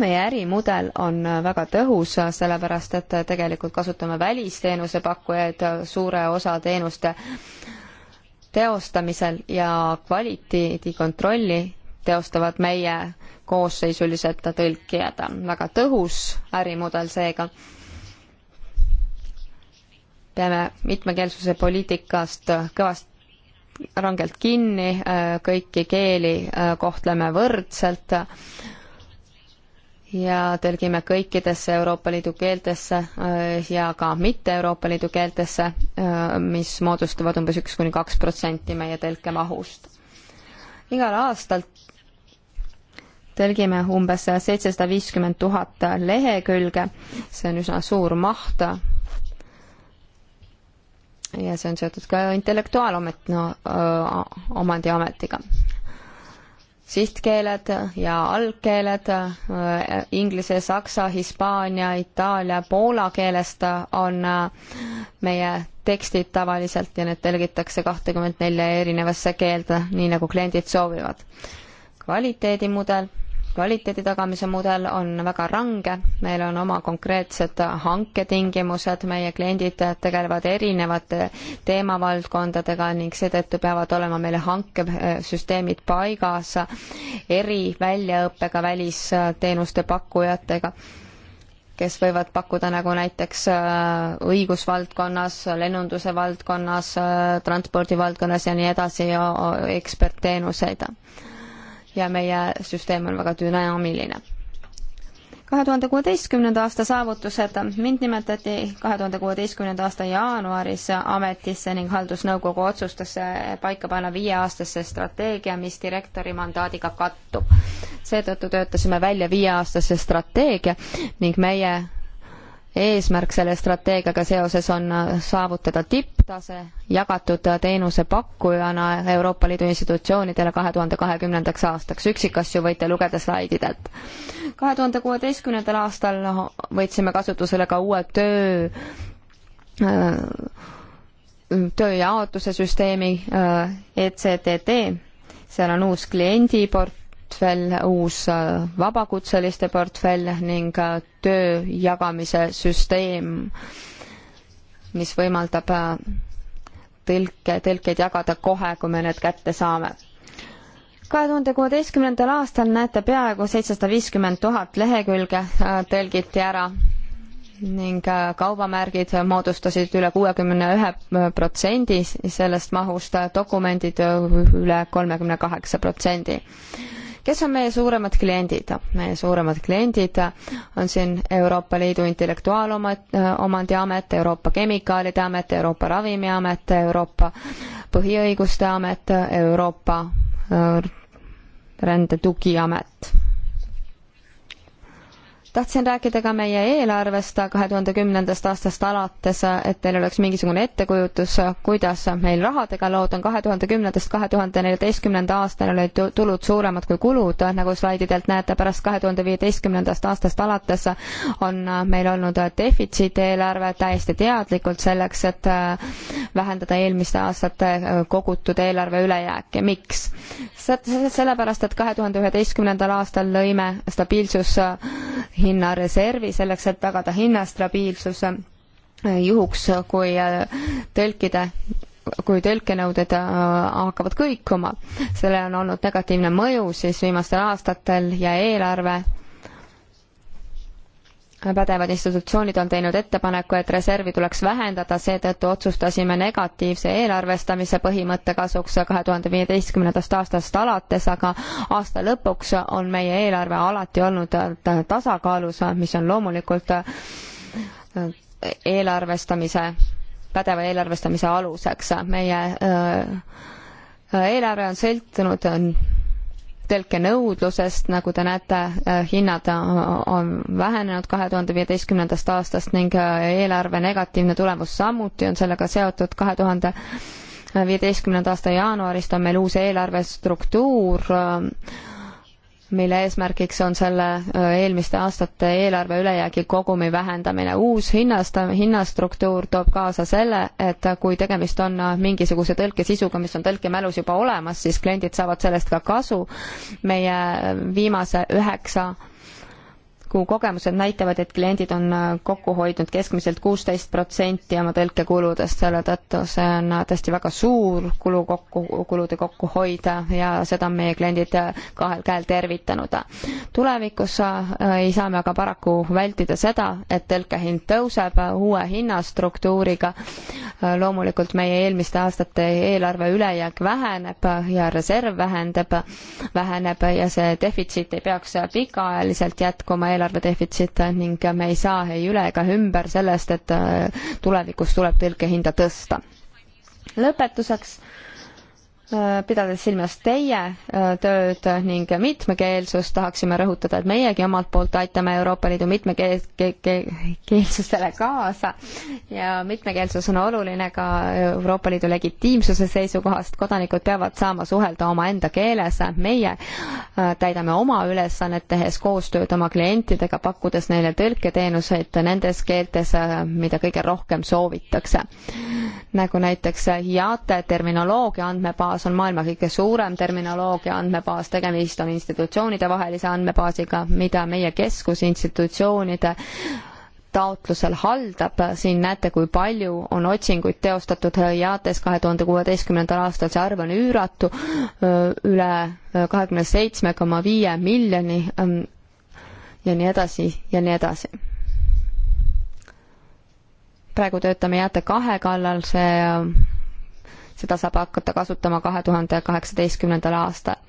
B: meie ärimudel on väga tõhus, sellepärast et tegelikult kasutame välisteenuse pakkujaid suure osa teenuste teostamisel ja kvaliteedikontrolli teostavad meie koosseisulised tõlkijad. väga tõhus ärimudel seega peame mitmekeelsuse poliitikast kõvasti rangelt kinni, äh, kõiki keeli äh, kohtleme võrdselt ja tõlgime kõikidesse Euroopa Liidu keeltesse äh, ja ka mitte Euroopa Liidu keeltesse, mis moodustavad umbes üks kuni kaks protsenti meie tõlkemahust. igal aastal tõlgime umbes seitsesada viiskümmend tuhat lehekülge, see on üsna suur maht ja see on seotud ka intellektuaalomet-, no omandiametiga. sihtkeeled ja algkeeled inglise, saksa, hispaania, itaalia, poola keelest on meie tekstid tavaliselt ja need tõlgitakse kahtekümmet nelja erinevasse keelde, nii nagu kliendid soovivad. kvaliteedimudel kvaliteedi tagamise mudel on väga range, meil on oma konkreetsed hanketingimused, meie kliendid tegelevad erinevate teemavaldkondadega ning seetõttu peavad olema meile hankesüsteemid paigas eri väljaõppega välisteenuste pakkujatega kes võivad pakkuda nagu näiteks äh, õigusvaldkonnas, lennunduse valdkonnas, äh, transpordivaldkonnas ja nii edasi ja ekspertteenuseid ja meie süsteem on väga dünaamiline kahe tuhande kuueteistkümnenda aasta saavutused. mind nimetati kahe tuhande kuueteistkümnenda aasta jaanuaris ametisse ning haldusnõukogu otsustas eh, paika panna viieaastase strateegia, mis direktori mandaadiga kattub. seetõttu töötasime välja viieaastase strateegia ning meie eesmärk selle strateegiaga seoses on äh, saavutada tipptase jagatud äh, teenuse pakkujana Euroopa Liidu institutsioonidele kahe tuhande kahekümnendaks aastaks. üksikasju võite lugeda slaididelt. kahe tuhande kuueteistkümnendal aastal võtsime kasutusele ka uue töö äh, tööjaotuse süsteemi ECTT, seal on uus kliendiport, portfell, uus äh, vabakutseliste portfell ning äh, töö jagamise süsteem, mis võimaldab äh, tõlke, tõlkeid jagada kohe, kui me need kätte saame. kahe tuhande kuueteistkümnendal aastal näete peaaegu seitsesada viiskümmend tuhat lehekülge tõlgiti ära ning kaubamärgid moodustasid üle kuuekümne ühe protsendi sellest mahust, dokumendid üle kolmekümne kaheksa protsendi kes on meie suuremad kliendid? meie suuremad kliendid on siin Euroopa Liidu Intellektuaalomandi äh, Amet, Euroopa Kemikaalide Amet, Euroopa Ravimiamet, Euroopa Põhiõiguste Amet, Euroopa äh, Rände Tugiamet tahtsin rääkida ka meie eelarvest kahe tuhande kümnendast aastast alates, et teil oleks mingisugune ettekujutus, kuidas meil rahadega lood on. kahe tuhande kümnendast kahe tuhande neljateistkümnenda aastani olid tulud suuremad kui kulud, nagu slaididelt näete, pärast kahe tuhande viieteistkümnendast aastast alates on meil olnud defitsiiteelarve täiesti teadlikult selleks, et vähendada eelmiste aastate kogutud eelarve ülejääki. miks? sellepärast, et kahe tuhande üheteistkümnendal aastal lõime stabiilsus hinnareservi selleks, et tagada hinnastabiilsuse äh, juhuks, kui äh, tõlkide kui tõlkenõuded äh, hakkavad kõikuma. sellel on olnud negatiivne mõju siis viimastel aastatel ja eelarve pädevad institutsioonid on teinud ettepaneku, et reservi tuleks vähendada, seetõttu otsustasime negatiivse eelarvestamise põhimõtte kasuks kahe tuhande viieteistkümnendast aastast alates, aga aasta lõpuks on meie eelarve alati olnud tasakaalus, mis on loomulikult eelarvestamise, pädeva eelarvestamise aluseks. meie eelarve on sõltunud tõlkenõudlusest, nagu te näete, äh, hinnad äh, on vähenenud kahe tuhande viieteistkümnendast aastast ning äh, eelarve negatiivne tulemus samuti on sellega seotud kahe tuhande viieteistkümnenda aasta jaanuarist on meil uus eelarvestruktuur mille eesmärgiks on selle eelmiste aastate eelarve ülejäägi kogumi vähendamine. uus hinnast-, hinnastruktuur toob kaasa selle, et kui tegemist on mingisuguse tõlkesisuga, mis on tõlkemälus juba olemas, siis kliendid saavad sellest ka kasu. meie viimase üheksa 9 kuu kogemused näitavad, et kliendid on äh, kokku hoidnud keskmiselt kuusteist protsenti oma tõlkekuludest, selle tõttu see on äh, tõesti väga suur kulu kokku, kulude kokkuhoid ja seda on meie kliendid äh, kahel käel tervitanud. tulevikus ei saa me aga paraku vältida seda, et tõlkehind tõuseb uue hinnastruktuuriga. loomulikult meie eelmiste aastate eelarve ülejääk väheneb ja reserv vähendab, väheneb ja see defitsiit ei peaks pikaajaliselt jätkuma eelarvedefitsiit ning me ei saa ei üle ega ümber sellest, et äh, tulevikus tuleb tõlkehinda tõsta. lõpetuseks Äh, pidades silmas teie äh, tööd ning mitmekeelsust, tahaksime rõhutada, et meiegi omalt poolt aitame Euroopa Liidu mitmekeelsusele ke kaasa ja mitmekeelsus on oluline ka Euroopa Liidu legitiimsuse seisukohast, kodanikud peavad saama suhelda omaenda keeles, meie äh, täidame oma ülesannet, tehes koostööd oma klientidega, pakkudes neile tõlketeenuseid nendes keeltes, mida kõige rohkem soovitakse. nagu näiteks IATE terminoloogia andmebaas, andmebaas on maailma kõige suurem terminoloogia andmebaas, tegemist on institutsioonidevahelise andmebaasiga, mida meie keskus institutsioonide taotlusel haldab, siin näete, kui palju on otsinguid teostatud IATES kahe tuhande kuueteistkümnendal aastal, see arv on üüratu, üle kahekümne seitsme koma viie miljoni ähm, ja nii edasi ja nii edasi praegu töötame jääte kahe kallal, see seda saab hakata kasutama kahe tuhande kaheksateistkümnendal aastal.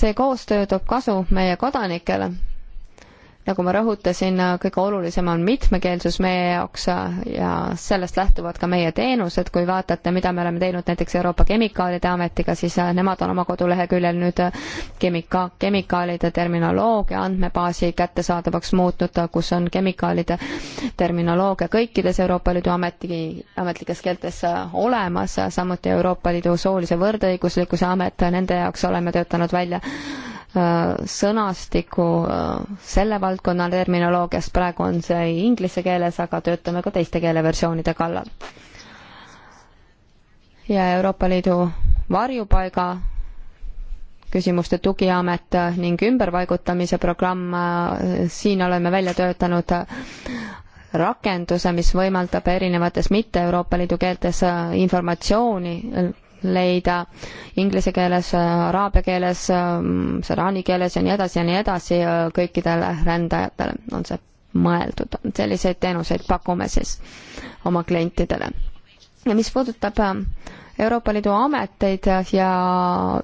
B: see koostöö toob kasu meie kodanikele nagu ma rõhutasin, kõige olulisem on mitmekeelsus meie jaoks ja sellest lähtuvad ka meie teenused, kui vaatate, mida me oleme teinud näiteks Euroopa Kemikaalide Ametiga, siis äh, nemad on oma koduleheküljel nüüd äh, kemika-, kemikaalide terminoloogia andmebaasi kättesaadavaks muutnud, kus on kemikaalide terminoloogia kõikides Euroopa Liidu ameti, ametlikes keeltes äh, olemas, samuti Euroopa Liidu soolise võrdõiguslikkuse amet, nende jaoks oleme töötanud välja Äh, sõnastiku äh, selle valdkonna terminoloogiast, praegu on see inglise keeles, aga töötame ka teiste keeleversioonide kallal. ja Euroopa Liidu varjupaiga küsimuste tugiamet ning ümberpaigutamise programm, äh, siin oleme välja töötanud rakenduse, mis võimaldab erinevates mitte Euroopa Liidu keeltes informatsiooni leida inglise keeles, araabia keeles, saraani keeles ja nii edasi ja nii edasi äh, kõikidele rändajatele on see mõeldud. selliseid teenuseid pakume siis oma klientidele. ja mis puudutab äh, Euroopa Liidu ameteid ja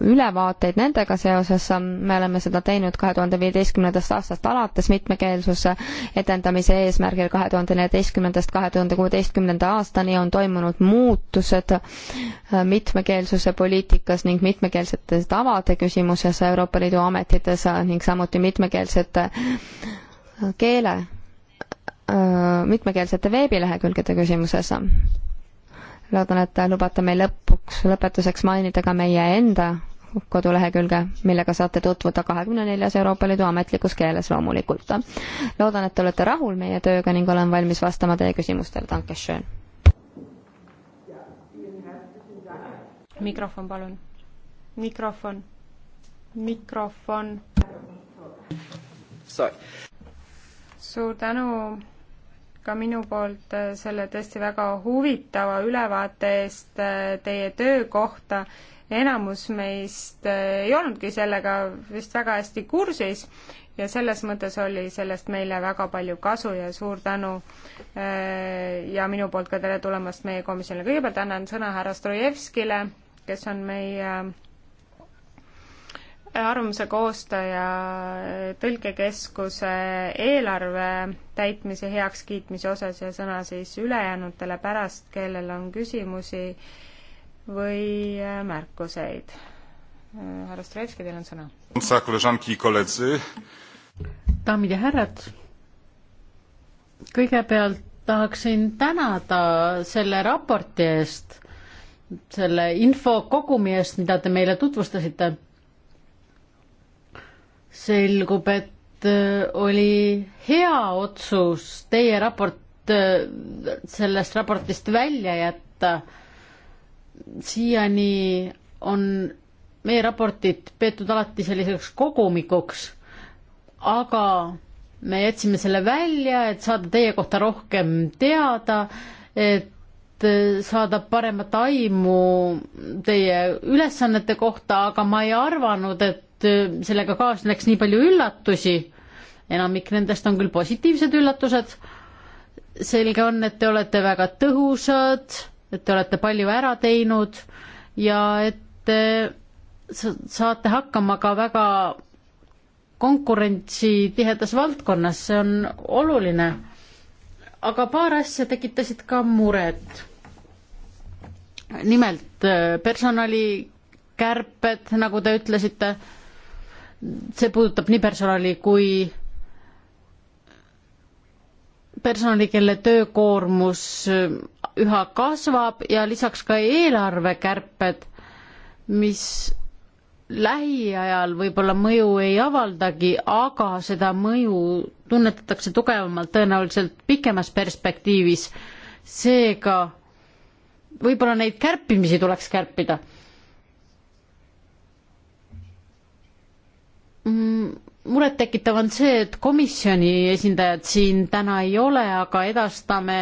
B: ülevaateid nendega seoses, ähm, me oleme seda teinud kahe tuhande viieteistkümnendast aastast alates mitmekeelsuse edendamise eesmärgil kahe tuhande neljateistkümnendast kahe tuhande kuueteistkümnenda aastani on toimunud muutused äh, mitmekeelsuse poliitikas ning mitmekeelsete tavade küsimuses Euroopa Liidu ametites ning samuti mitmekeelsete äh, keele äh, mitmekeelsete veebilehekülgede küsimuses loodan, et lubate meil lõpuks, lõpetuseks mainida ka meie enda kodulehekülge, millega saate tutvuda kahekümne neljas Euroopa Liidu ametlikus keeles loomulikult. loodan, et te olete rahul meie tööga ning olen valmis vastama teie küsimustele, Dankeschön.
A: mikrofon, palun. mikrofon, mikrofon. suur tänu ka minu poolt äh, selle tõesti väga huvitava ülevaate eest äh, teie töö kohta. enamus meist äh, ei olnudki sellega vist väga hästi kursis ja selles mõttes oli sellest meile väga palju kasu ja suur tänu ja minu poolt ka tere tulemast meie komisjonile. kõigepealt annan sõna härra Strojevskile, kes on meie arvamuse koostaja Tõlkekeskuse eelarve täitmise heakskiitmise osas ja sõna siis ülejäänutele pärast, kellel on küsimusi või äh, märkuseid. Äh, härra Strelski, teil on sõna.
C: daamid ja härrad, kõigepealt tahaksin tänada selle raporti eest, selle info kogumi eest, mida te meile tutvustasite selgub, et äh, oli hea otsus teie raport äh, sellest raportist välja jätta. siiani on meie raportit peetud alati selliseks kogumikuks, aga me jätsime selle välja, et saada teie kohta rohkem teada, et äh, saada paremat aimu teie ülesannete kohta, aga ma ei arvanud, et et äh, sellega kaasneks nii palju üllatusi, enamik nendest on küll positiivsed üllatused, selge on, et te olete väga tõhusad, et te olete palju ära teinud ja et te äh, saate hakkama ka väga konkurentsitihedas valdkonnas, see on oluline. aga paar asja tekitasid ka muret. nimelt äh, personalikärped, nagu te ütlesite see puudutab nii personali kui personali, kelle töökoormus üha kasvab ja lisaks ka eelarvekärped, mis lähiajal võib-olla mõju ei avaldagi, aga seda mõju tunnetatakse tugevamalt tõenäoliselt pikemas perspektiivis. seega võib-olla neid kärpimisi tuleks kärpida Mm, murettekitav on see, et komisjoni esindajad siin täna ei ole, aga edastame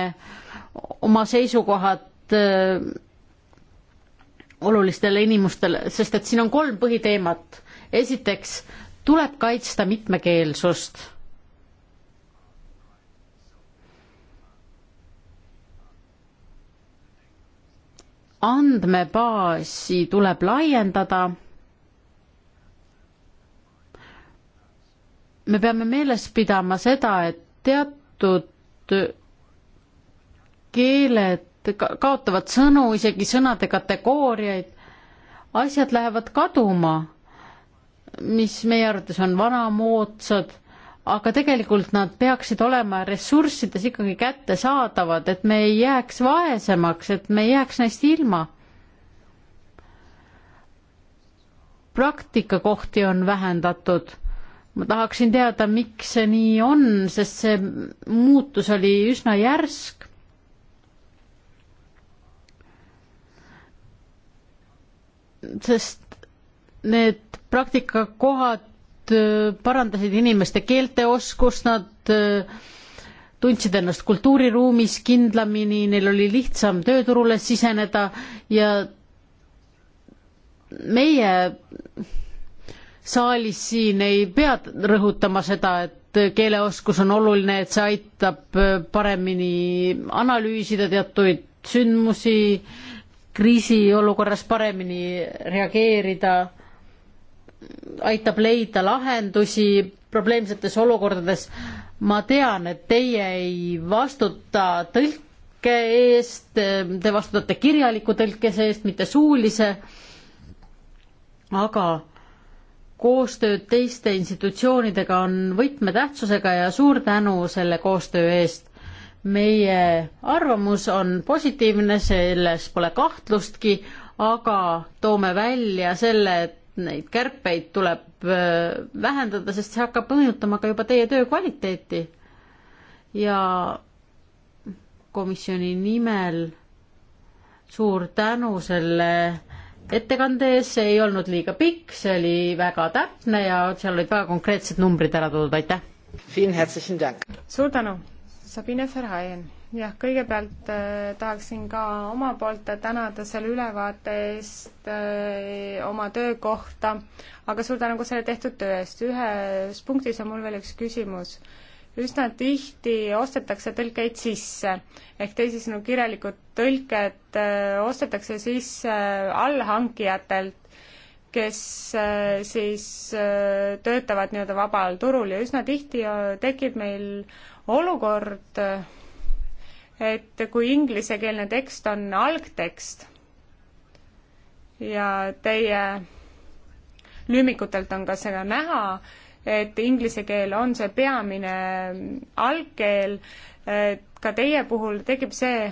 C: oma seisukohad äh, olulistele inimestele, sest et siin on kolm põhiteemat. esiteks tuleb kaitsta mitmekeelsust. andmebaasi tuleb laiendada me peame meeles pidama seda, et teatud keeled kaotavad sõnu, isegi sõnade kategooriaid, asjad lähevad kaduma, mis meie arvates on vanamoodsad, aga tegelikult nad peaksid olema ressurssides ikkagi kättesaadavad, et me ei jääks vaesemaks, et me ei jääks neist ilma. praktikakohti on vähendatud ma tahaksin teada, miks see nii on, sest see muutus oli üsna järsk. sest need praktikakohad äh, parandasid inimeste keelteoskust, nad äh, tundsid ennast kultuuriruumis kindlamini, neil oli lihtsam tööturule siseneda ja meie saalis siin ei pea rõhutama seda, et keeleoskus on oluline, et see aitab paremini analüüsida teatuid sündmusi, kriisiolukorras paremini reageerida, aitab leida lahendusi probleemsetes olukordades. ma tean, et teie ei vastuta tõlke eest, te vastutate kirjaliku tõlke eest, mitte suulise, aga koostööd teiste institutsioonidega on võtmetähtsusega ja suur tänu selle koostöö eest. meie arvamus on positiivne, selles pole kahtlustki, aga toome välja selle, et neid kärpeid tuleb äh, vähendada, sest see hakkab mõjutama ka juba teie töö kvaliteeti. ja komisjoni nimel suur tänu selle ettekande ees, see ei olnud liiga pikk, see oli väga täpne ja seal olid väga konkreetsed numbrid ära toodud, aitäh! suur tänu,
A: Sabine Ferhaien! jah, kõigepealt äh, tahaksin ka oma poolt tänada selle ülevaate eest äh, oma töö kohta, aga suur tänu ka selle tehtud töö eest. ühes punktis on mul veel üks küsimus äh, üsna tihti ostetakse tõlkeid sisse. ehk teisisõnu, kirjalikud tõlked äh, ostetakse sisse äh, allhankijatelt, kes äh, siis töötavad nii-öelda vabal turul ja üsna tihti tekib meil olukord, et kui inglisekeelne tekst on algtekst ja teie lüümikutelt on ka seda näha, et inglise keel on see peamine algkeel, ka teie puhul tekib see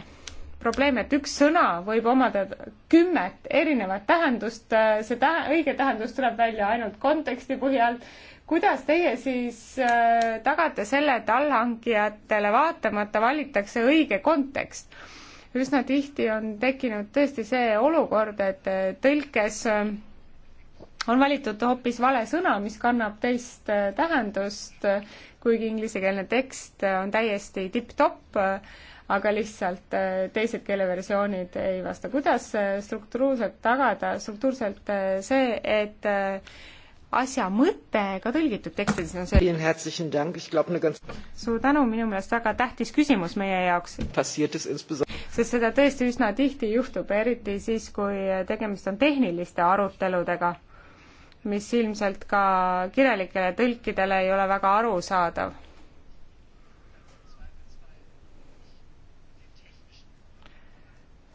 A: probleem, et üks sõna võib omada kümmet erinevat tähendust, see tä-, õige tähendus tuleb välja ainult konteksti põhjal, kuidas teie siis äh, tagate selle, et allhankijatele vaatamata valitakse õige kontekst? üsna tihti on tekkinud tõesti see olukord, et tõlkes äh, on valitud hoopis vale sõna, mis kannab teist äh, tähendust, kuigi inglisekeelne tekst äh, on täiesti tipp-topp, äh, aga lihtsalt teised keeleversioonid ei vasta. kuidas struktuurselt tagada, struktuurselt see, et asja mõte ka tõlgitud tekstides on see. suur tänu, minu meelest väga tähtis küsimus meie jaoks. sest seda tõesti üsna tihti juhtub, eriti siis, kui tegemist on tehniliste aruteludega mis ilmselt ka kirjalikele tõlkidele ei ole väga arusaadav.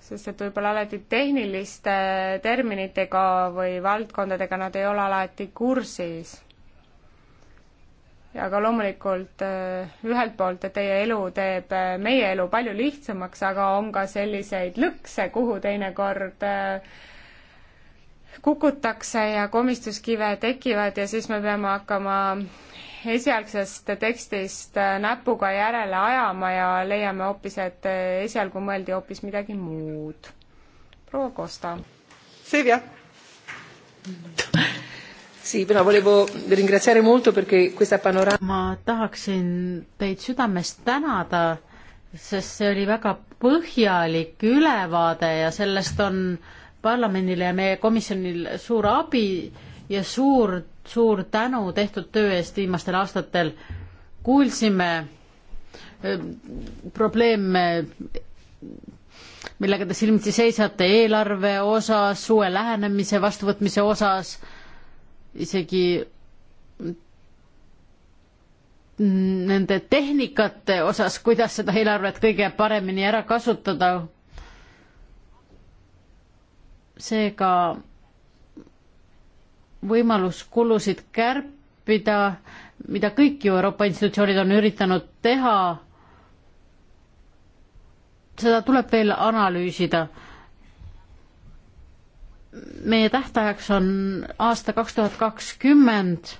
A: sest et võib-olla alati tehniliste terminitega või valdkondadega nad ei ole alati kursis. aga loomulikult eh, ühelt poolt teie elu teeb eh, meie elu palju lihtsamaks, aga on ka selliseid lõkse, kuhu teinekord äh, kukutakse ja komistuskive tekivad ja siis me peame hakkama esialgsest tekstist näpuga järele ajama ja leiame hoopis, et esialgu mõeldi hoopis midagi muud. proua Kosta.
C: Silvia. Sì, però volevo ringraziare molto perché questa panorama... ma tahaksin teid südamest tänada, sest see oli väga põhjalik ülevaade ja sellest on äh, parlamendile ja meie komisjonil suur abi ja suur, suur tänu tehtud töö eest viimastel aastatel. kuulsime probleeme, millega te silmitsi seisate eelarve osas, uue lähenemise vastuvõtmise osas, isegi nende tehnikate osas, kuidas seda eelarvet kõige paremini ära kasutada seega võimalus kulusid kärpida, mida kõik ju Euroopa institutsioonid on üritanud teha, seda tuleb veel analüüsida. meie tähtajaks on aasta kaks tuhat kakskümmend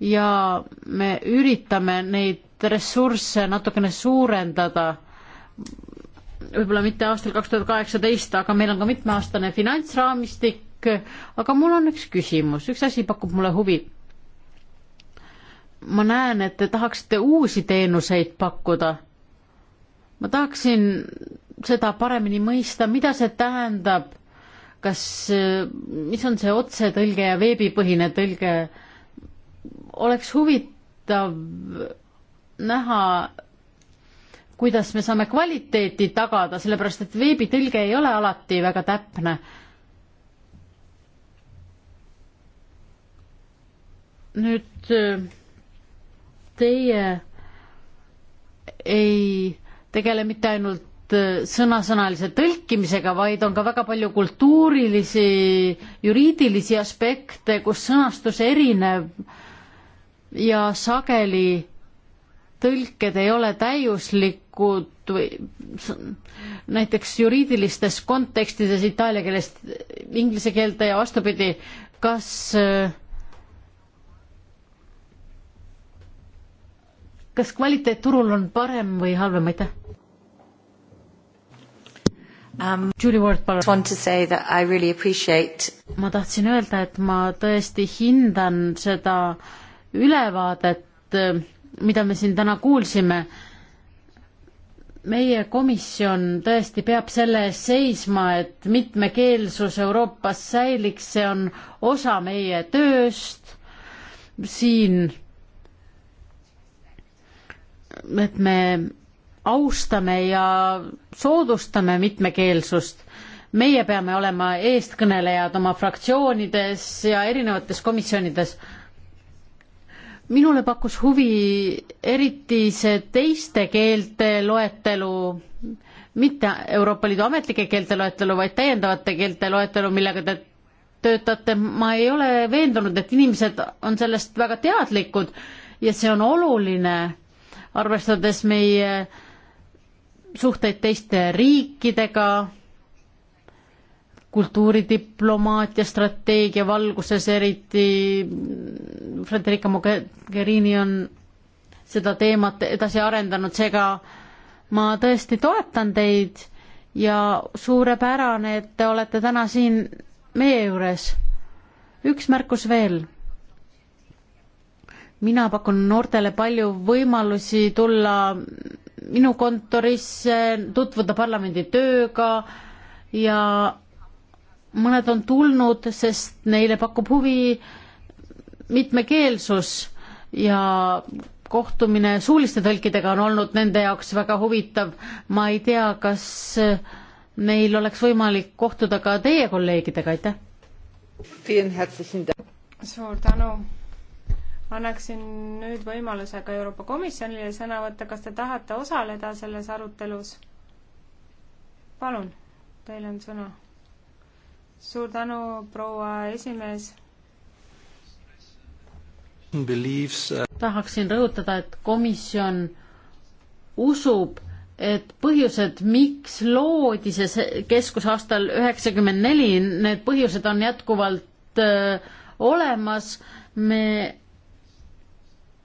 C: ja me üritame neid ressursse natukene suurendada võib-olla mitte aastal kaks tuhat kaheksateist, aga meil on ka mitmeaastane finantsraamistik, aga mul on üks küsimus, üks asi pakub mulle huvi. ma näen, et te tahaksite uusi teenuseid pakkuda. ma tahaksin seda paremini mõista, mida see tähendab, kas, mis on see otsetõlge ja veebipõhine tõlge, oleks huvitav näha kuidas me saame kvaliteeti tagada, sellepärast et veebitõlge ei ole alati väga täpne. nüüd äh, teie ei tegele mitte ainult äh, sõnasõnalise tõlkimisega, vaid on ka väga palju kultuurilisi, juriidilisi aspekte, kus sõnastus erineb ja sageli tõlked ei ole täiuslikud või näiteks juriidilistes kontekstides itaalia keelest inglise keelde ja vastupidi, kas kas kvaliteet turul on parem või halvem, aitäh um,? Julie Ward, palun. Really appreciate... ma tahtsin öelda, et ma tõesti hindan seda ülevaadet mida me siin täna kuulsime. meie komisjon tõesti peab selle eest seisma, et mitmekeelsus Euroopas säiliks, see on osa meie tööst siin. et me austame ja soodustame mitmekeelsust meie peame olema eestkõnelejad oma fraktsioonides ja erinevates komisjonides minule pakkus huvi eriti see teiste keelte loetelu, mitte Euroopa Liidu ametlike keelte loetelu, vaid täiendavate keelte loetelu, millega te töötate, ma ei ole veendunud, et inimesed on sellest väga teadlikud ja see on oluline, arvestades meie suhteid teiste riikidega kultuuridiplomaatia strateegia valguses, eriti Frederica Mogherini on seda teemat edasi arendanud, seega ma tõesti toetan teid ja suurepärane, et te olete täna siin meie juures. üks märkus veel. mina pakun noortele palju võimalusi tulla minu kontorisse, tutvuda parlamendi tööga ja mõned on tulnud, sest neile pakub huvi mitmekeelsus ja kohtumine suuliste tõlkidega on olnud nende jaoks väga huvitav. ma ei tea, kas neil oleks võimalik kohtuda ka teie kolleegidega, aitäh!
A: suur tänu! annaksin nüüd võimaluse ka Euroopa Komisjonile sõna võtta, kas te tahate osaleda selles arutelus? palun, teil on sõna suur
C: tänu, proua esimees. Äh, tahaksin rõhutada, et komisjon usub, et põhjused, miks loodi see keskus aastal üheksakümmend neli, need põhjused on jätkuvalt öö, äh, olemas. me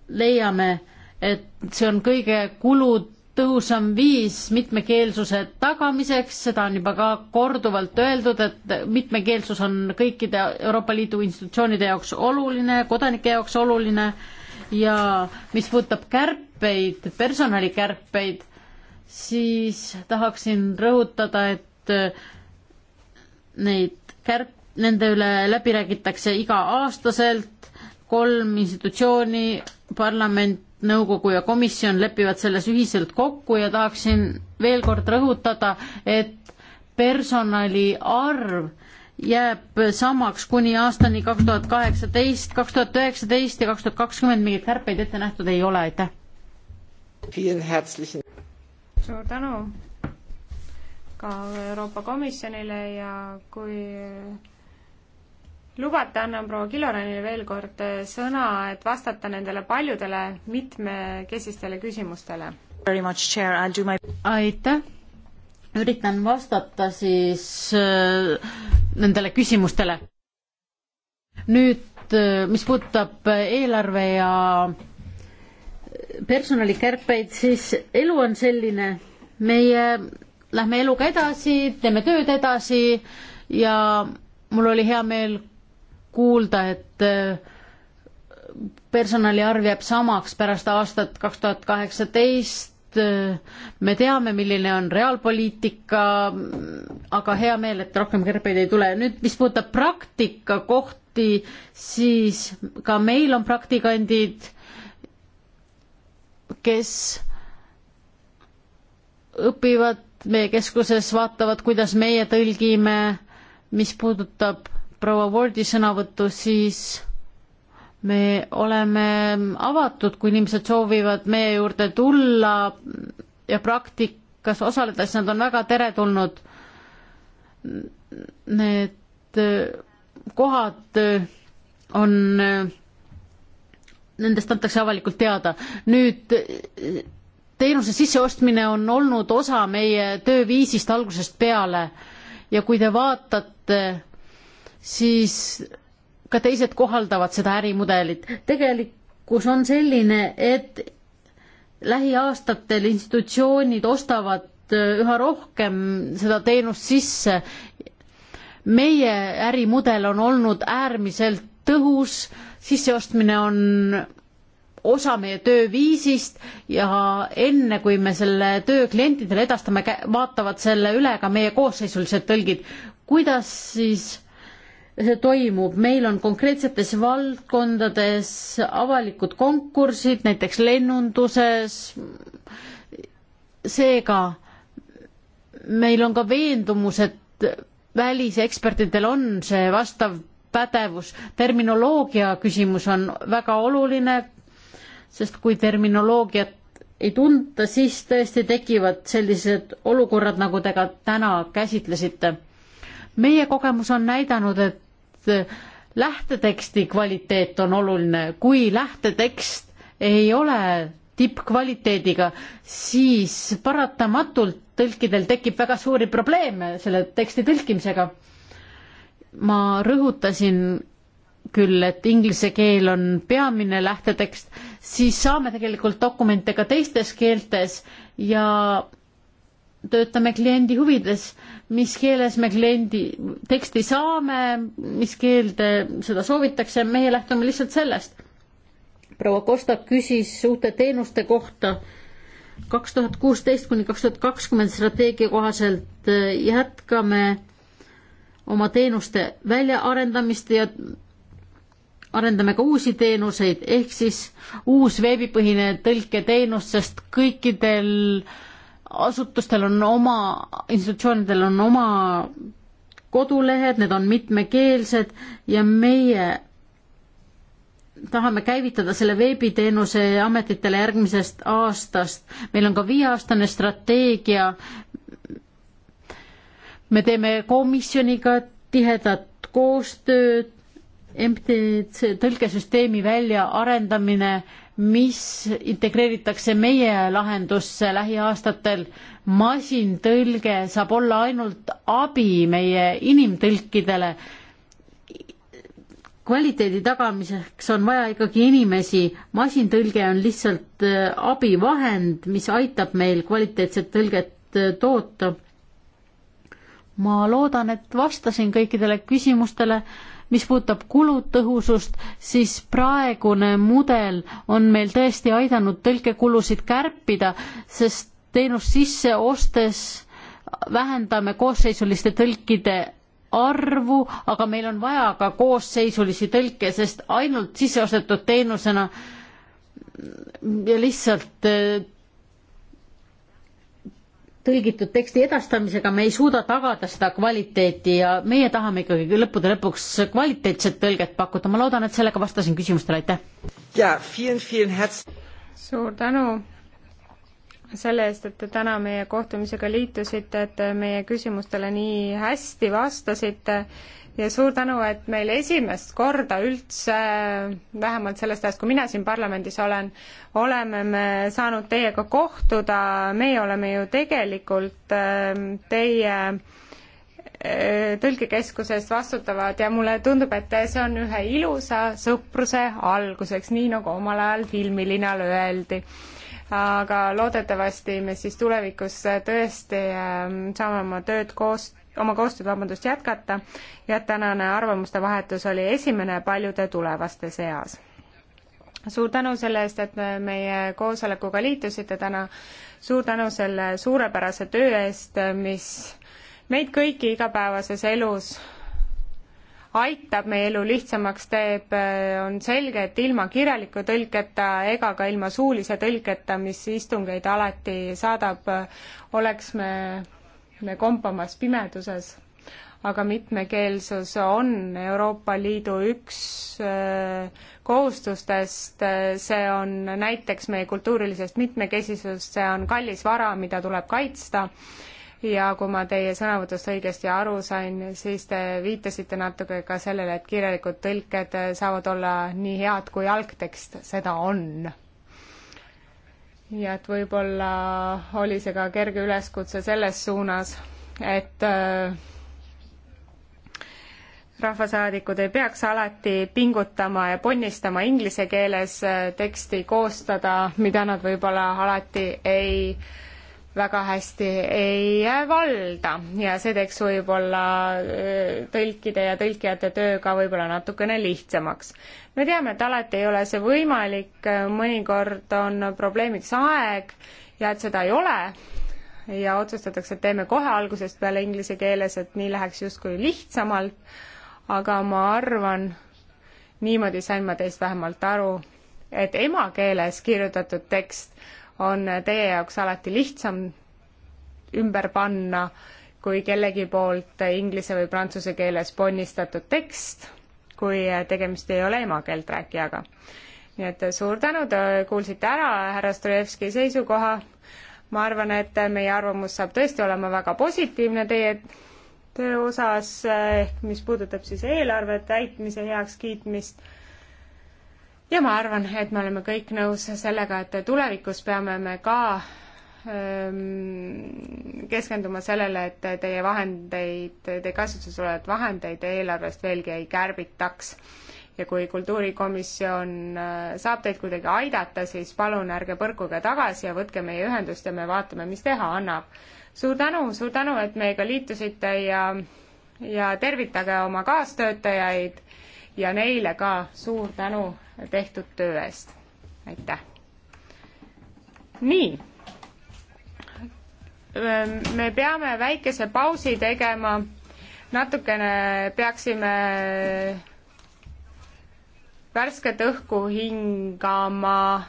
C: leiame, et see on kõige kulud tõhusam viis mitmekeelsuse tagamiseks, seda on juba ka korduvalt öeldud, et mitmekeelsus on kõikide Euroopa Liidu institutsioonide jaoks oluline, kodanike jaoks oluline ja mis puudutab kärpeid, personalikärpeid, siis tahaksin rõhutada, et neid kärp-, nende üle läbi räägitakse iga-aastaselt, kolm institutsiooni, parlament, nõukogu ja komisjon lepivad selles ühiselt kokku ja tahaksin veel kord rõhutada, et personali arv jääb samaks kuni aastani kaks tuhat kaheksateist, kaks tuhat üheksateist ja kaks tuhat kakskümmend mingeid kärpeid ette nähtud ei ole, aitäh.
A: suur tänu ka Euroopa Komisjonile ja kui lubate, annan proua Kiloranile veel kord äh, sõna, et vastata nendele paljudele mitmekesistele küsimustele.
C: My... aitäh, üritan vastata siis äh, nendele küsimustele. nüüd, äh, mis puudutab eelarve ja personalikärpeid, siis elu on selline, meie lähme eluga edasi, teeme tööd edasi ja mul oli hea meel kuulda, et äh, personali arv jääb samaks pärast aastat kaks tuhat kaheksateist. me teame, milline on reaalpoliitika, aga hea meel, et rohkem kärpeid ei tule. nüüd, mis puudutab praktikakohti, siis ka meil on praktikandid, kes õpivad meie keskuses, vaatavad, kuidas meie tõlgime, mis puudutab proua Wordi sõnavõttu, siis me oleme avatud, kui inimesed soovivad meie juurde tulla ja praktikas osaleda, siis nad on väga teretulnud. Need äh, kohad äh, on, äh, nendest antakse avalikult teada. nüüd teenuse sisseostmine on olnud osa meie tööviisist algusest peale ja kui te vaatate siis ka teised kohaldavad seda ärimudelit. tegelikkus on selline, et lähiaastatel institutsioonid ostavad äh, üha rohkem seda teenust sisse. meie ärimudel on olnud äärmiselt tõhus, sisseostmine on osa meie tööviisist ja enne, kui me selle töö klientidele edastame, vaatavad selle üle ka meie koosseisulised tõlgid. kuidas siis see toimub, meil on konkreetsetes valdkondades avalikud konkursid, näiteks lennunduses. seega meil on ka veendumus, et välisekspertidel on see vastav pädevus. terminoloogia küsimus on väga oluline, sest kui terminoloogiat ei tunta, siis tõesti tekivad sellised olukorrad, nagu te ka täna käsitlesite meie kogemus on näidanud, et et lähteteksti kvaliteet on oluline, kui lähtetekst ei ole tippkvaliteediga, siis paratamatult tõlkidel tekib väga suuri probleeme selle teksti tõlkimisega. ma rõhutasin küll, et inglise keel on peamine lähtetekst, siis saame tegelikult dokumente ka teistes keeltes ja töötame kliendi huvides, mis keeles me kliendi teksti saame, mis keelde seda soovitakse, meie lähtume lihtsalt sellest. proua Kosta küsis uute teenuste kohta kaks tuhat kuusteist kuni kaks tuhat kakskümmend strateegia kohaselt eh, jätkame oma teenuste väljaarendamist ja arendame ka uusi teenuseid, ehk siis uus veebipõhine tõlketeenus, sest kõikidel äh, asutustel on oma, institutsioonidel on oma kodulehed, need on mitmekeelsed ja meie tahame käivitada selle veebiteenuse ametitele järgmisest aastast. meil on ka viieaastane strateegia. me teeme komisjoniga tihedat koostööd, MTC tõlkesüsteemi väljaarendamine mis integreeritakse meie lahendusse lähiaastatel. masintõlge saab olla ainult abi meie inimtõlkidele. kvaliteedi tagamiseks on vaja ikkagi inimesi, masintõlge on lihtsalt äh, abivahend, mis aitab meil kvaliteetset tõlget äh, toota. ma loodan, et vastasin kõikidele küsimustele mis puudutab kulutõhusust, siis praegune mudel on meil tõesti aidanud tõlkekulusid kärpida, sest teenust sisse ostes vähendame koosseisuliste tõlkide arvu, aga meil on vaja ka koosseisulisi tõlke, sest ainult sisseostetud teenusena ja lihtsalt tõlgitud teksti edastamisega me ei suuda tagada seda kvaliteeti ja meie tahame ikkagi lõppude lõpuks kvaliteetset tõlget pakkuda. ma loodan, et sellega vastasin küsimustele, aitäh!
A: suur tänu selle eest, et te täna meie kohtumisega liitusite, et meie küsimustele nii hästi vastasite ja suur tänu, et meil esimest korda üldse, äh, vähemalt sellest ajast, kui mina siin parlamendis olen, oleme me saanud teiega kohtuda, meie oleme ju tegelikult äh, teie äh, tõlkekeskusest vastutavad ja mulle tundub, et see on ühe ilusa sõpruse alguseks, nii nagu omal ajal filmilinal öeldi aga loodetavasti me siis tulevikus tõesti saame oma tööd koos oma koostööd, vabandust, jätkata ja tänane arvamuste vahetus oli esimene paljude tulevaste seas. suur tänu selle eest, et meie koosolekuga liitusite täna, suur tänu selle suurepärase töö eest, mis meid kõiki igapäevases elus aitab meie elu lihtsamaks teeb, on selge, et ilma kirjaliku tõlketa ega ka ilma suulise tõlketa, mis istungeid alati saadab, oleks me me kompamas pimeduses, aga mitmekeelsus on Euroopa Liidu üks äh, kohustustest, see on näiteks meie kultuurilisest mitmekesisusest, see on kallis vara, mida tuleb kaitsta ja kui ma teie sõnavõtust õigesti aru sain, siis te viitasite natuke ka sellele, et kirjalikud tõlked saavad olla nii head kui algtekst seda on ja et võib-olla oli see ka kerge üleskutse selles suunas, et äh, rahvasaadikud ei peaks alati pingutama ja ponnistama inglise keeles äh, teksti koostada, mida nad võib-olla alati ei äh, väga hästi ei valda ja see teeks võib-olla tõlkide ja tõlkijate töö ka võib-olla natukene lihtsamaks. me teame, et alati ei ole see võimalik, mõnikord on probleemiks aeg ja et seda ei ole ja otsustatakse, et teeme kohe algusest peale inglise keeles, et nii läheks justkui lihtsamalt, aga ma arvan, niimoodi sain ma teist vähemalt aru, et emakeeles kirjutatud tekst on teie jaoks alati lihtsam ümber panna kui kellegi poolt inglise või prantsuse keeles ponnistatud tekst, kui tegemist ei ole emakeelt rääkijaga. nii et suur tänu, te kuulsite ära härra Strojevski seisukoha. ma arvan, et meie arvamus saab tõesti olema väga positiivne teie töö osas, ehk mis puudutab siis eelarve täitmise heakskiitmist ja ma arvan, et me oleme kõik nõus sellega, et tulevikus peame me ka ähm, keskenduma sellele, et teie vahendeid, teie kasutuses olevaid vahendeid eelarvest veelgi ei kärbitaks. ja kui Kultuurikomisjon äh, saab teid kuidagi aidata, siis palun ärge põrkuge tagasi ja võtke meie ühendust ja me vaatame, mis teha annab. suur tänu, suur tänu, et meiega liitusite ja, ja tervitage oma kaastöötajaid ja neile ka suur tänu tehtud töö eest. aitäh! nii. me peame väikese pausi tegema, natukene peaksime värsket õhku hingama.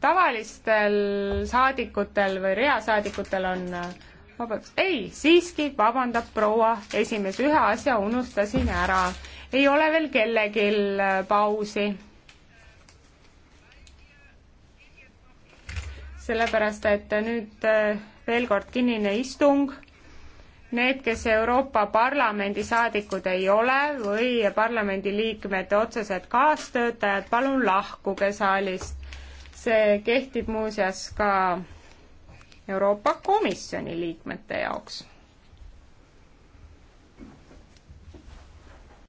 A: tavalistel saadikutel või reasaadikutel on vabandust, ei, siiski vabandab proua esimees, ühe asja unustasin ära. ei ole veel kellelgi pausi sellepärast et nüüd äh, veel kord kinnine istung. Need, kes Euroopa Parlamendi saadikud ei ole või parlamendiliikmed otsesed kaastöötajad, palun lahkuge saalist. see kehtib muuseas ka Euroopa Komisjoni liikmete jaoks